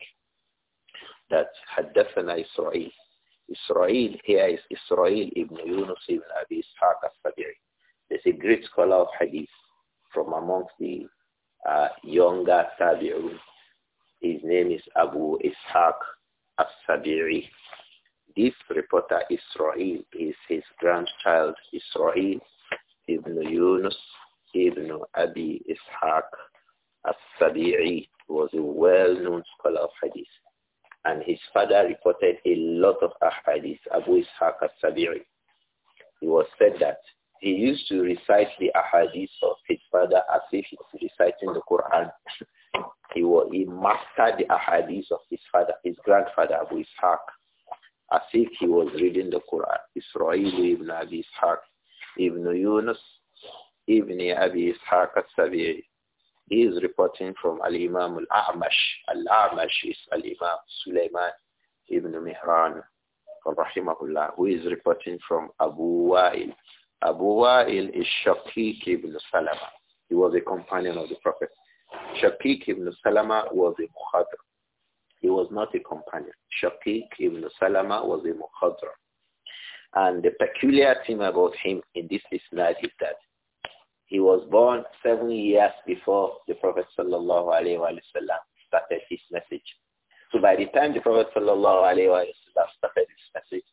that حدثنا إسرائيل إسرائيل here is إسرائيل ibn Yunus ibn Abi Ishaq al There's a great scholar of hadith from amongst the uh, younger Tabi'un. His name is Abu Ishaq al-Sabiri. This reporter Israel is his grandchild Israel ibn Yunus ibn Abi Ishaq al-Sabi'i was a well-known scholar of hadith and his father reported a lot of ahadith, Abu Ishaq al-Sabiri. It was said that he used to recite the ahadith of his father as if he was reciting the Quran. he, was, he mastered the ahadith of his father, his grandfather Abu Ishaq, as if he was reading the Quran. Israel ibn Abi Ishaq, ibn Yunus, ibn Abi Ishaq al-Sabiri. He is reporting from Al-Imam Al-A'mash. Al-A'mash is Al-Imam Sulaiman ibn Mihran, rahimahullah, who is reporting from Abu Wa'il. Abu Wa'il is Shaqiq ibn Salama. He was a companion of the Prophet. Shaqiq ibn Salama was a muhadr. He was not a companion. Shaqiq ibn Salama was a muhadr. And the peculiar thing about him in this isnad is that he was born seven years before the Prophet sallallahu alaihi started his message. So by the time the Prophet sallallahu alaihi started his message,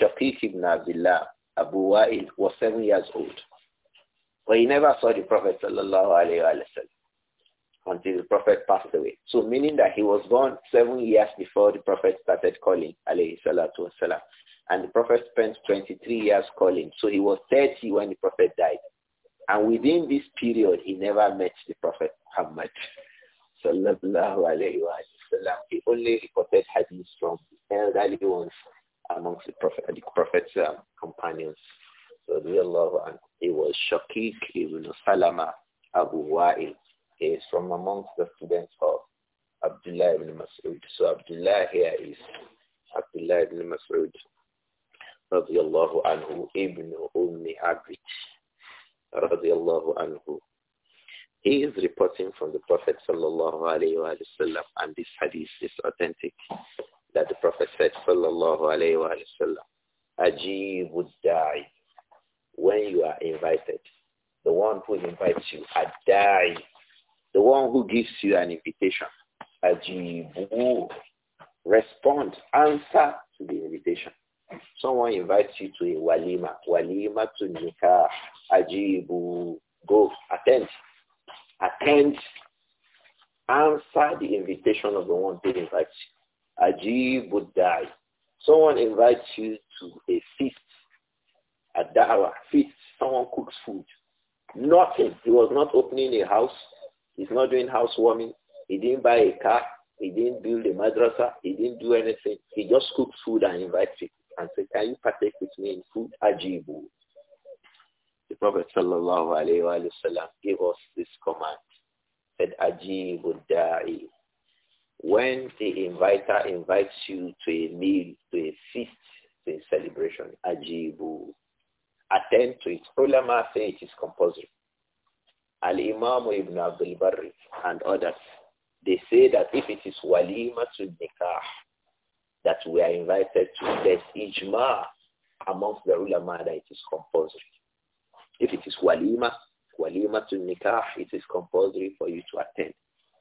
Shaqiq ibn Abdullah Abu Wa'il was seven years old. But he never saw the Prophet sallallahu alaihi until the Prophet passed away. So meaning that he was born seven years before the Prophet started calling alayhi salatu wasalam. And the Prophet spent 23 years calling. So he was 30 when the Prophet died. And within this period, he never met the Prophet Muhammad. Sallallahu alayhi wa He only reported hadiths from elderly ones amongst the Prophet the Prophet's um, companions. So Allah, and He was Shakik ibn Salama Abu Wa'il. He is from amongst the students of Abdullah ibn Mas'ud. So Abdullah here is Abdullah ibn Mas'ud radiallahu anhu ibn Ummi Abid radiallahu anhu. He is reporting from the Prophet sallallahu alayhi wa sallam, and this hadith is authentic, that the Prophet said sallallahu alayhi wa sallam, Ajibu da'i, when you are invited, the one who invites you, ad-da'i, the one who gives you an invitation, Ajibu, respond, answer to the invitation. Someone invites you to a walima, walima to nikah, ajibu, go, attend, attend, answer the invitation of the one that invites you. Ajibu da'i. Someone invites you to a feast, a dawa feast, someone cooks food. Nothing. He was not opening a house. He's not doing housewarming. He didn't buy a car. He didn't build a madrasa. He didn't do anything. He just cooks food and invites people and said, can you partake with me in food? Ajibu. The Prophet sallallahu alayhi wa sallam, gave us this command. Said, Ajibu da'i. When the inviter invites you to a meal, to a feast, to a celebration, Ajibu. Attend to it. Ulama say it is compulsory. Al-Imam Ibn Abdul Barri and others, they say that if it is walima to nikah, that we are invited to. There's ijma amongst the ulama that it is compulsory. If it is walima, walima to nikah, it is compulsory for you to attend.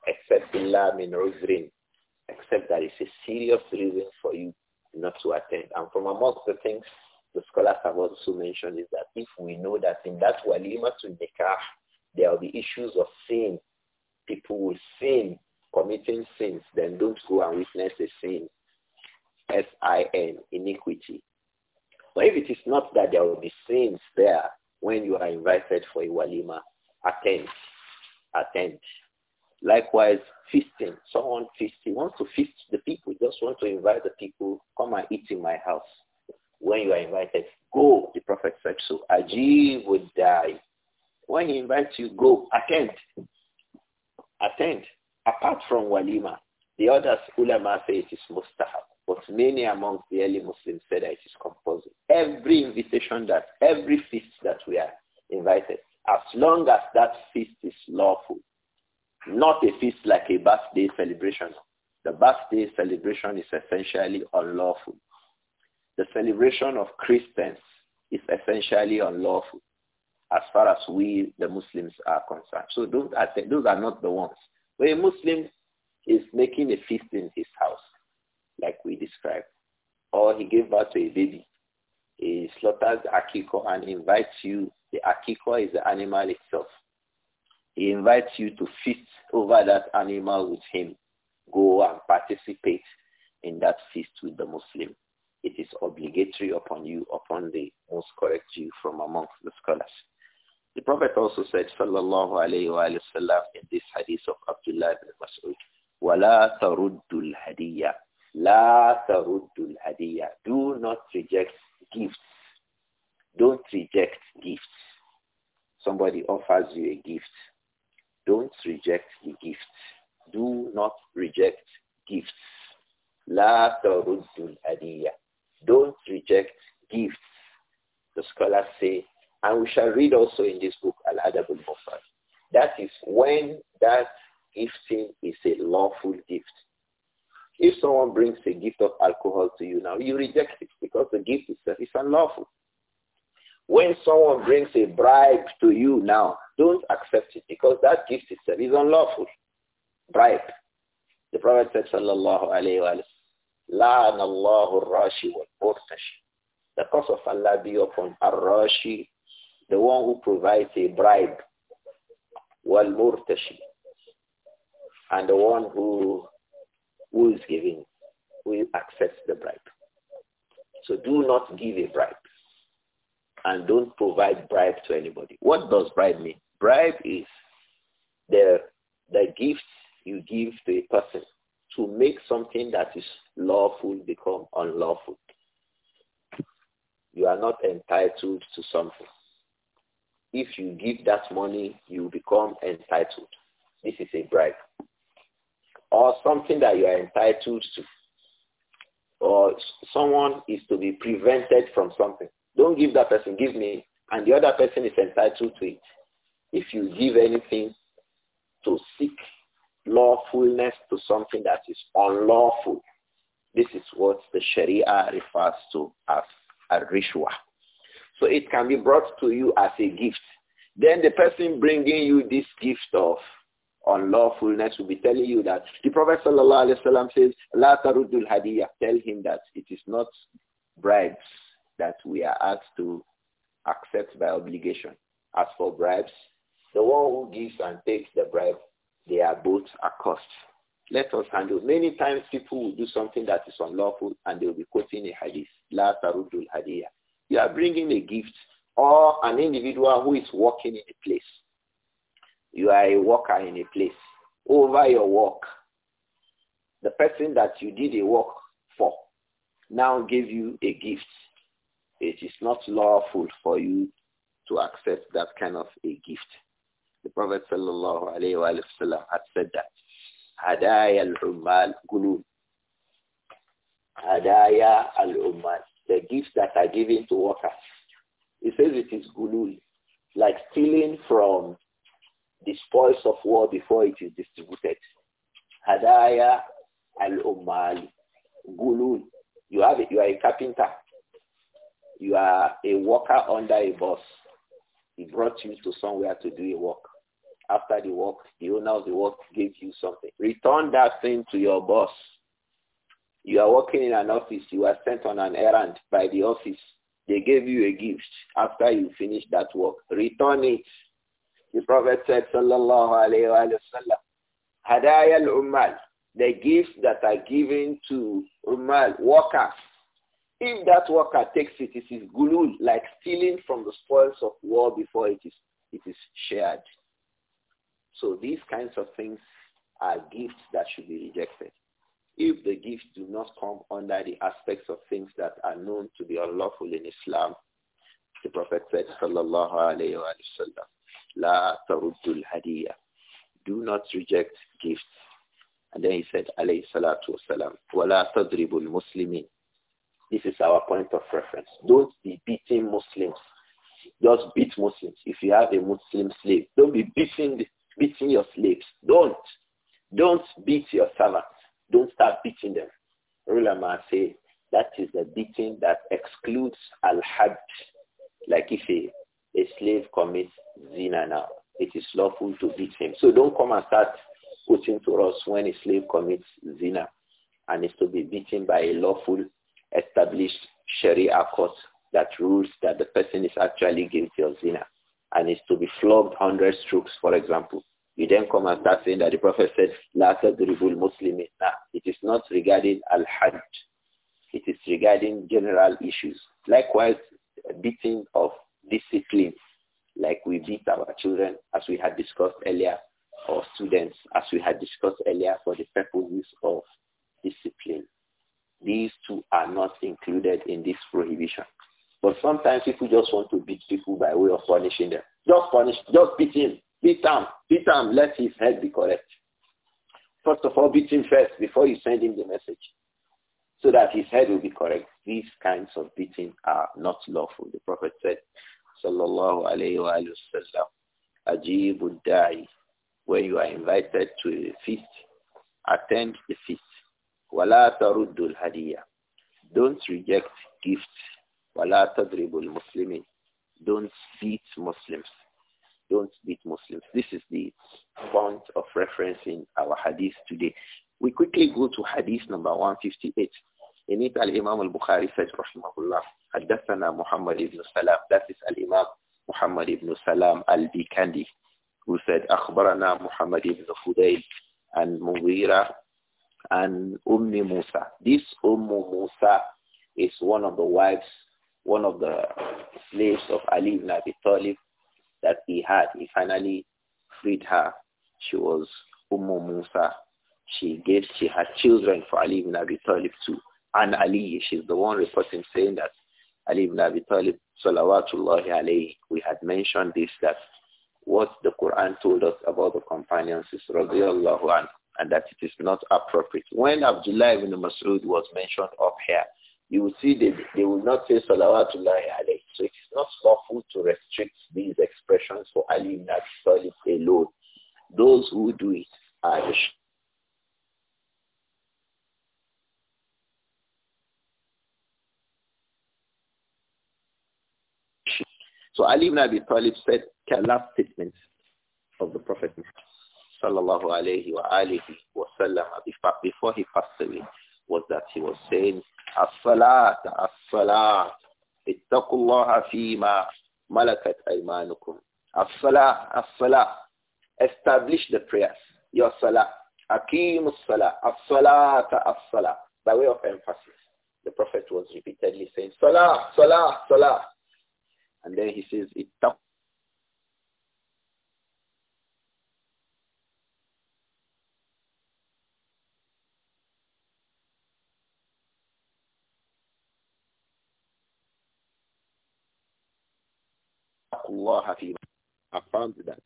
Except billah min uzrin. Except that it's a serious reason for you not to attend. And from amongst the things the scholars have also mentioned is that if we know that in that walima to nikah, there will be issues of sin. People will sin, committing sins, then don't go and witness the sins. S-I-N, iniquity. But if it is not that there will be sins there when you are invited for a walima, attend, attend. Likewise, feasting. Someone feasting wants to feast the people, just want to invite the people, come and eat in my house. When you are invited, go, the Prophet said so. Ajib would die. When he invites you, go, attend. Attend. Apart from walima, the others ulama say it is mustahab. But many amongst the early Muslims said that it is compulsory. Every invitation that, every feast that we are invited, as long as that feast is lawful, not a feast like a birthday celebration. The birthday celebration is essentially unlawful. The celebration of Christians is essentially unlawful as far as we, the Muslims, are concerned. So those are, those are not the ones. When a Muslim is making a feast in his house, like we described. Or he gave birth to a baby. He slaughters the akiko and invites you. The akiko is the animal itself. He invites you to feast over that animal with him. Go and participate in that feast with the Muslim. It is obligatory upon you, upon the most correct Jew from amongst the scholars. The Prophet also said, sallallahu alayhi wa sallam, in this hadith of Abdullah ibn Mas'ud, وَلَا تَرُدُّ الْهَدِيَّةِ La taruddul hadiyah. Do not reject gifts. Don't reject gifts. Somebody offers you a gift. Don't reject the gift. Do not reject gifts. La taruddul hadiyah. Don't reject gifts. The scholars say, and we shall read also in this book, al adabul al-Mufrad. is when that gifting is a lawful gift if someone brings a gift of alcohol to you now, you reject it because the gift itself is unlawful. When someone brings a bribe to you now, don't accept it because that gift itself is unlawful. Bribe. The Prophet said, sallallahu alayhi wa لعن الله Wal Murtashi. The curse of Allah be upon Ar-Rashi, the one who provides a bribe, Murtashi, and the one who who is giving will accept the bribe. So do not give a bribe. And don't provide bribe to anybody. What does bribe mean? Bribe is the, the gift you give to a person to make something that is lawful become unlawful. You are not entitled to something. If you give that money, you become entitled. This is a bribe or something that you are entitled to or someone is to be prevented from something. Don't give that person, give me, and the other person is entitled to it. If you give anything to seek lawfulness to something that is unlawful, this is what the Sharia refers to as a rishwa. So it can be brought to you as a gift. Then the person bringing you this gift of unlawfulness will be telling you that. The Prophet ﷺ says, La tarudul hadiyah. Tell him that it is not bribes that we are asked to accept by obligation. As for bribes, the one who gives and takes the bribe, they are both accursed. Let us handle. Many times people will do something that is unlawful and they will be quoting a hadith. La tarudul hadiyah. You are bringing a gift or an individual who is working in a place you are a worker in a place. Over your work, the person that you did a work for now gives you a gift. It is not lawful for you to accept that kind of a gift. The Prophet sallallahu alayhi wa, sallam, had said that. Hadaya al-ummal gulun. Hadaya al-ummal. The gifts that are given to workers. He says it is gulul, like stealing from the spoils of war before it is distributed. Hadaya al-Umal. Gulun. You, have, you are a carpenter. You are a worker under a boss. He brought you to somewhere to do a work. After the work, the owner of the work gave you something. Return that thing to your boss. You are working in an office. You are sent on an errand by the office. They gave you a gift. After you finish that work, return it the Prophet said, sallallahu alayhi wasallam, Hadaya al-Ummal, the gifts that are given to Ummal, workers. If that worker takes it, it is gulul, like stealing from the spoils of war before it is, it is shared. So these kinds of things are gifts that should be rejected. If the gifts do not come under the aspects of things that are known to be unlawful in Islam, the Prophet said, sallallahu alayhi wasallam.'" La Do not reject gifts. And then he said, alayhi salatu wasalam, wala tadribul muslimin. This is our point of reference. Don't be beating Muslims. Just beat Muslims. If you have a Muslim slave, don't be beating, beating your slaves. Don't. Don't beat your servants. Don't start beating them. Ulama say that is the beating that excludes al hajj Like if a a slave commits zina now, it is lawful to beat him. So don't come and start putting to us when a slave commits zina and is to be beaten by a lawful established Sharia court that rules that the person is actually guilty of zina and is to be flogged 100 strokes, for example. You then come and start saying that the Prophet said, La tadribul muslimin. Nah, it is not regarding al-hajj. It is regarding general issues. Likewise, beating of discipline, like we beat our children, as we had discussed earlier, or students, as we had discussed earlier, for the purposes of discipline. These two are not included in this prohibition. But sometimes people just want to beat people by way of punishing them. Just punish, just beat him, beat him, beat him, let his head be correct. First of all, beat him first before you send him the message so that his head will be correct. These kinds of beating are not lawful. The Prophet said, sallallahu alayhi wa sallam, Ajib da'i when you are invited to a feast, attend the feast. وَلَا تَرُدُّ الْهَدِيَّ Don't reject gifts. وَلَا تَضْرِبُ الْمُسْلِمِينَ Don't beat Muslims. Don't beat Muslims. This is the point of reference in our hadith today. We quickly go to hadith number 158. In it, Al-Imam al-Bukhari said, Rahimahullah, Haddathana Muhammad ibn Salam. That is Al-Imam Muhammad ibn Salam al-Bikandi, who said, Akhbarana Muhammad ibn Fudayl and Mughira and Ummi Musa. This Ummu Musa is one of the wives, one of the slaves of Ali ibn Abi Talib that he had. He finally freed her. She was Ummu Musa. She gave, she had children for Ali ibn Abi Talib too an Ali. She's the one reporting saying that Ali ibn Abi Talib, salawatullahi alayhi, we had mentioned this, that what the Quran told us about the companions is radiallahu anhu, and that it is not appropriate. When Abdullah ibn Mas'ud was mentioned up here, you will see they, they will not say salawatullahi alayhi. So it is not lawful to restrict these expressions for Ali ibn Abi Talib alone. Those who do it are the So Ali ibn Abi Talib said last statement of the Prophet sallallahu alayhi wa alihi wa sallam before he passed away was that he was saying, As-salat, as-salat, ittaqullaha fima malakat aymanukum. as salat as salat establish the prayers, your salah, akimus salah, as-salat, as salat by way of emphasis. The Prophet was repeatedly saying, salah, salah, salah, and then he says, ittaq Allah affirmed that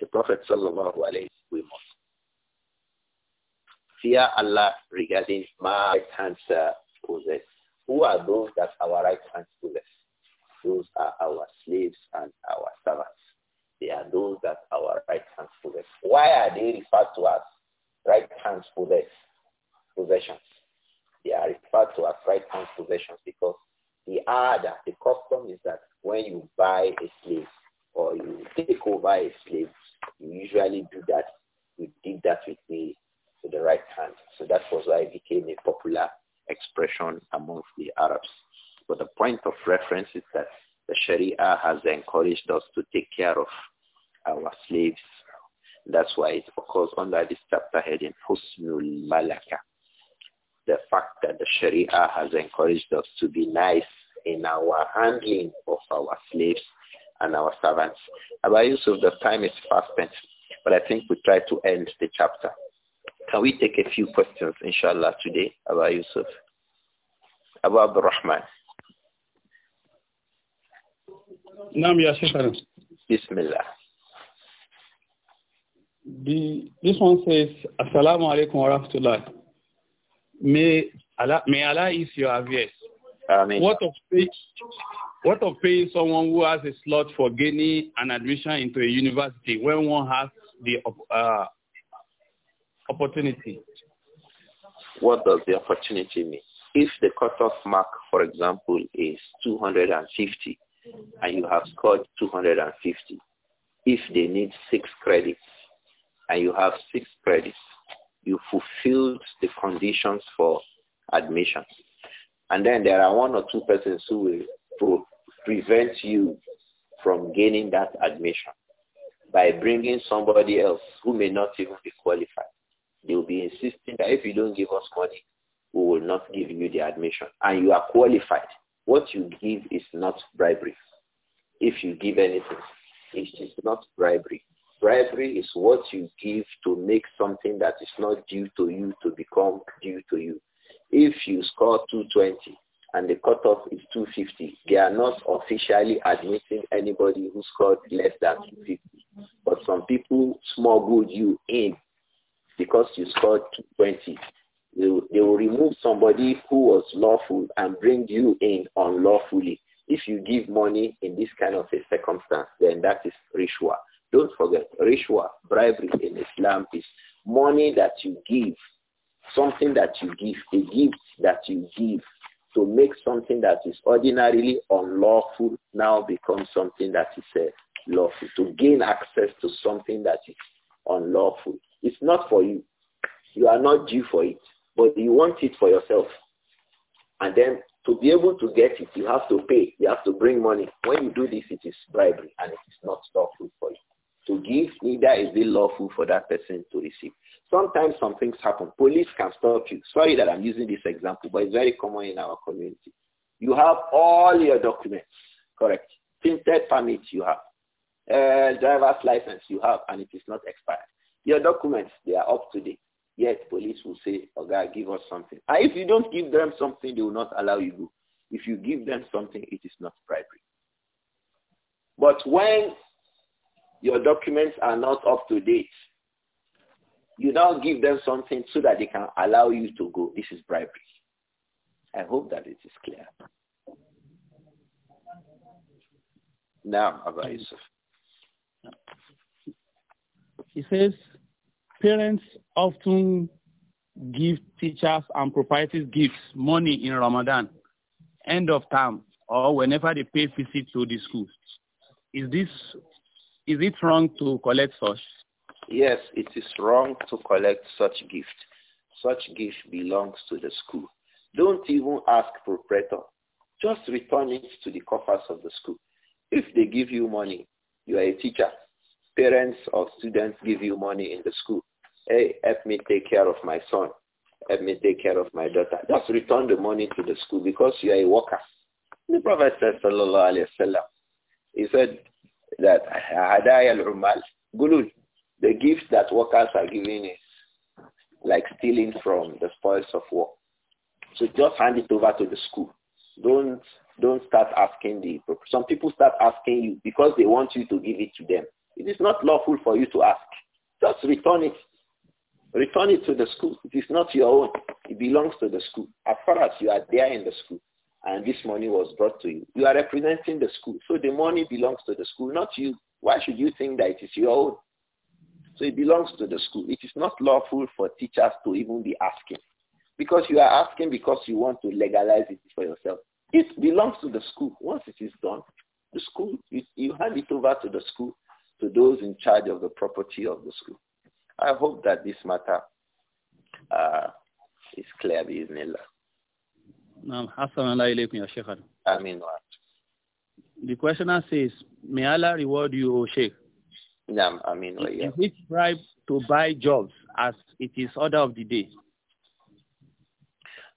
the Prophet sallallahu alayhi we must fear Allah regarding my right hands uh, possess. Who are those that our right hands possess? those are our slaves and our servants. They are those that our right hands possess. Why are they referred to as right hands possess, possessions? They are referred to as right hands possessions because the order, the custom is that when you buy a slave or you take over a slave, you usually do that. You did that with the, to the right hand. So that was why it became a popular expression amongst the Arabs. But the point of reference is that the Sharia has encouraged us to take care of our slaves. That's why it occurs under this chapter heading, Husnul Malaka. The fact that the Sharia has encouraged us to be nice in our handling of our slaves and our servants. Our use of the time is fast spent, but I think we try to end the chapter. Can we take a few questions, inshallah, today, Abba Yusuf? Abba Abdurrahman. Nam Ya Shaitan. Bismillah. The, this one says, Assalamu alaikum wa rahmatullah. May Allah, may Allah ease your affairs. Amen. What of pay, what of paying someone who has a slot for gaining an admission into a university when one has the uh, opportunity? What does the opportunity mean? If the cutoff mark, for example, is 250, and you have scored 250. If they need six credits and you have six credits, you fulfilled the conditions for admission. And then there are one or two persons who will prevent you from gaining that admission by bringing somebody else who may not even be qualified. They will be insisting that if you don't give us money, we will not give you the admission. And you are qualified. What you give is not bribery. If you give anything, it is not bribery. Bribery is what you give to make something that is not due to you to become due to you. If you score 220 and the cutoff is 250, they are not officially admitting anybody who scored less than 250. But some people smuggled you in because you scored 220 they will, they will remove somebody who was lawful and bring you in unlawfully. If you give money in this kind of a circumstance, then that is rishwa. Don't forget, rishwa, bribery in Islam is money that you give, something that you give, a gift that you give to make something that is ordinarily unlawful now become something that is uh, lawful, to gain access to something that is unlawful. It's not for you. You are not due for it. But you want it for yourself. And then to be able to get it, you have to pay. You have to bring money. When you do this, it is bribery and it is not lawful for you. To give, neither is it lawful for that person to receive. Sometimes some things happen. Police can stop you. Sorry that I'm using this example, but it's very common in our community. You have all your documents, correct? Printed permits you have. Uh, driver's license you have, and it is not expired. Your documents, they are up to date. Yet police will say, oh God, give us something. And if you don't give them something, they will not allow you go. If you give them something, it is not bribery. But when your documents are not up to date, you now give them something so that they can allow you to go. This is bribery. I hope that it is clear. Now, Abba Yusuf. He says, Parents often give teachers and proprietors gifts, money in Ramadan, end of term, or whenever they pay visit to the school. Is this is it wrong to collect such? Yes, it is wrong to collect such gift. Such gift belongs to the school. Don't even ask proprietor. Just return it to the coffers of the school. If they give you money, you are a teacher. Parents or students give you money in the school hey, help me take care of my son. Help me take care of my daughter. Just return the money to the school because you are a worker. The Prophet said, sallallahu alayhi wa sallam, he said that hadaya al-umal, gulul, the gift that workers are giving is like stealing from the spoils of war. So just hand it over to the school. Don't don't start asking the some people start asking you because they want you to give it to them. It is not lawful for you to ask. Just return it. Return it to the school. It is not your own. It belongs to the school. As far as you are there in the school and this money was brought to you, you are representing the school. So the money belongs to the school, not you. Why should you think that it is your own? So it belongs to the school. It is not lawful for teachers to even be asking because you are asking because you want to legalize it for yourself. It belongs to the school. Once it is done, the school, you, you hand it over to the school, to those in charge of the property of the school. I hope that this matter uh, is clear بإذن الله. The questioner says, may Allah reward you, O Sheikh. Naam, Amin. Is it bribe to buy jobs as it is order of the day?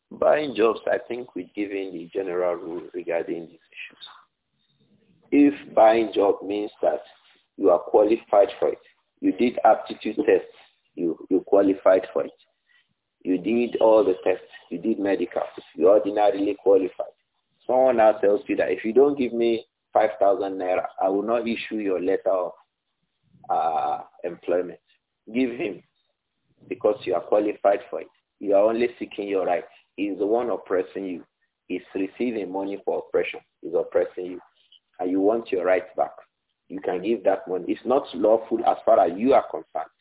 Buying jobs, I think we're giving the general rule regarding these issues. If buying job means that you are qualified for it, you did aptitude tests. You, you qualified for it. You did all the tests. You did medical. You ordinarily qualified. Someone now tells you that if you don't give me 5,000 naira, I will not issue your letter of uh, employment. Give him because you are qualified for it. You are only seeking your rights. He is the one oppressing you. He's receiving money for oppression. He's oppressing you. And you want your rights back you can give that money. It's not lawful as far as you are concerned,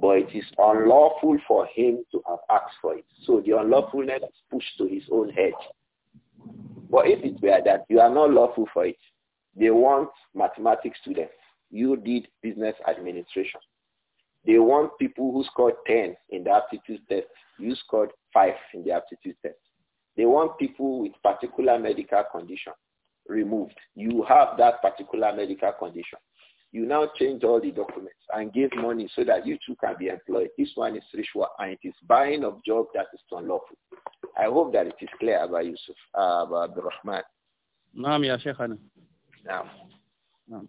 but it is unlawful for him to have asked for it. So the unlawfulness is pushed to his own head. But if it were that you are not lawful for it, they want mathematics students. You did business administration. They want people who scored 10 in the aptitude test. You scored 5 in the aptitude test. They want people with particular medical conditions removed. You have that particular medical condition. You now change all the documents and give money so that you too can be employed. This one is rishwa and it is buying of job that is unlawful. I hope that it is clear about Yusuf, uh, about Abdul Rahman. Naam, ya Sheikhana. Naam.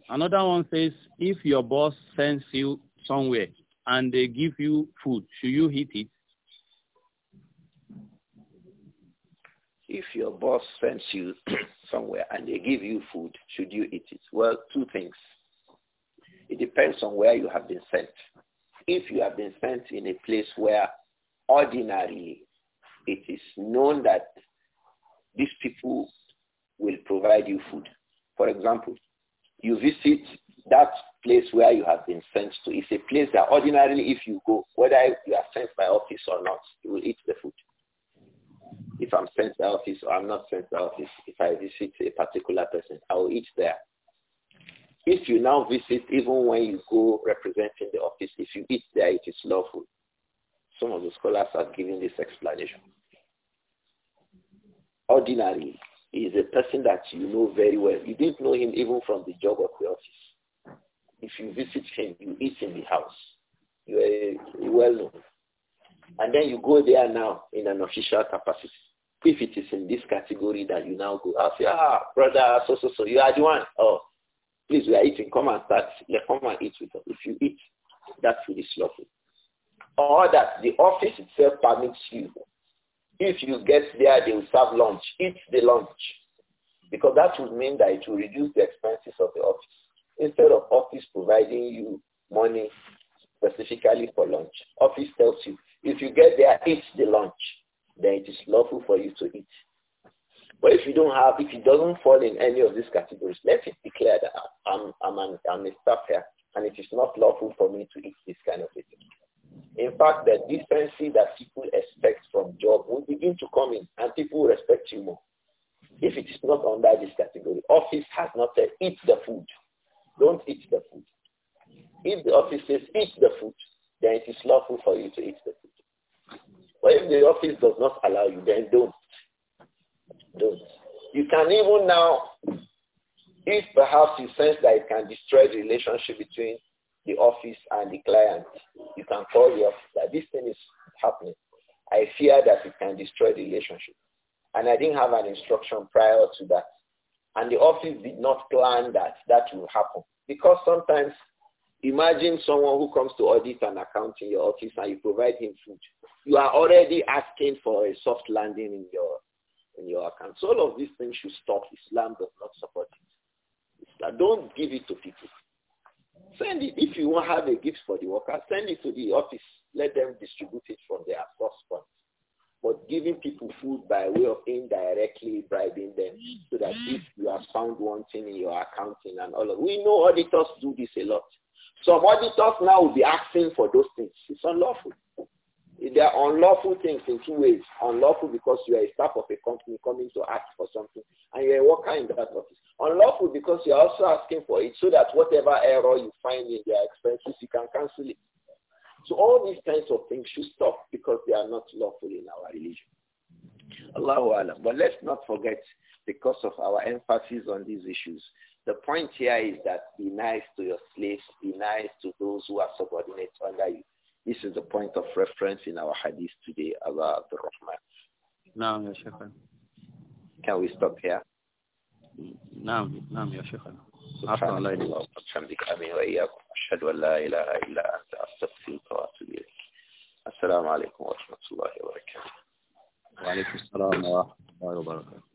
Another one says, if your boss sends you somewhere and they give you food, should you eat it? If your boss sends you somewhere and they give you food, should you eat it? Well, two things. It depends on where you have been sent. If you have been sent in a place where ordinarily it is known that these people will provide you food. For example, you visit that place where you have been sent to. It's a place that ordinarily if you go, whether you are sent by office or not, you will eat the food. If I'm sent to office or I'm not sent to office, if I visit a particular person, I will eat there. If you now visit, even when you go representing the office, if you eat there, it is lawful. Some of the scholars are giving this explanation. Ordinarily, he is a person that you know very well. You didn't know him even from the job of the office. If you visit him, you eat in the house. You are well known. And then you go there now in an official capacity. If it is in this category that you now go out, say, ah, brother, so, so, so, you are the one. Oh, please, we are eating. Come and start. Yeah, come and eat with us. If you eat, that food is lovely. Or that the office itself permits you. If you get there, they will serve lunch. Eat the lunch. Because that would mean that it will reduce the expenses of the office. Instead of office providing you money specifically for lunch, office tells you, if you get there, eat the lunch then it is lawful for you to eat. But if you don't have, if it doesn't fall in any of these categories, let it declare that I'm, I'm, an, I'm a staff here and it is not lawful for me to eat this kind of thing. In fact, the decency that people expect from job will begin to come in and people will respect you more. If it is not under this category, office has not said eat the food. Don't eat the food. If the office says eat the food, then it is lawful for you to eat the food. But if the office does not allow you, then don't. Don't. You can even now, if perhaps you sense that it can destroy the relationship between the office and the client, you can call the office that this thing is happening. I fear that it can destroy the relationship. And I didn't have an instruction prior to that. And the office did not plan that that will happen. Because sometimes Imagine someone who comes to audit an account in your office and you provide him food. You are already asking for a soft landing in your in your account. So all of these things should stop. Islam does not support it. Islam, don't give it to people. Send it. If you want to have a gift for the worker, send it to the office. Let them distribute it from their source funds. But giving people food by way of indirectly bribing them so that if you are found wanting in your accounting and all of, we know auditors do this a lot. Some auditors now will be asking for those things. It's unlawful. There are unlawful things in two ways. Unlawful because you are a staff of a company coming to ask for something and you're a worker in that office. Unlawful because you're also asking for it so that whatever error you find in their expenses, you can cancel it. So all these kinds of things should stop because they are not lawful in our religion. Allahu Alam. But let's not forget, because of our emphasis on these issues, the point here is that be nice to your slaves, be nice to those who are subordinates under you. This is the point of reference in our hadith today, Allah the Rahman. نعم يا Can we stop here? نعم نعم يا شيخنا. سبحان الله وبحمدك أمين وإياكم أشهد أن لا إله إلا أنت أستغفرك وأتوب إليك. السلام عليكم الله وبركاته. وعليكم السلام ورحمة الله وبركاته.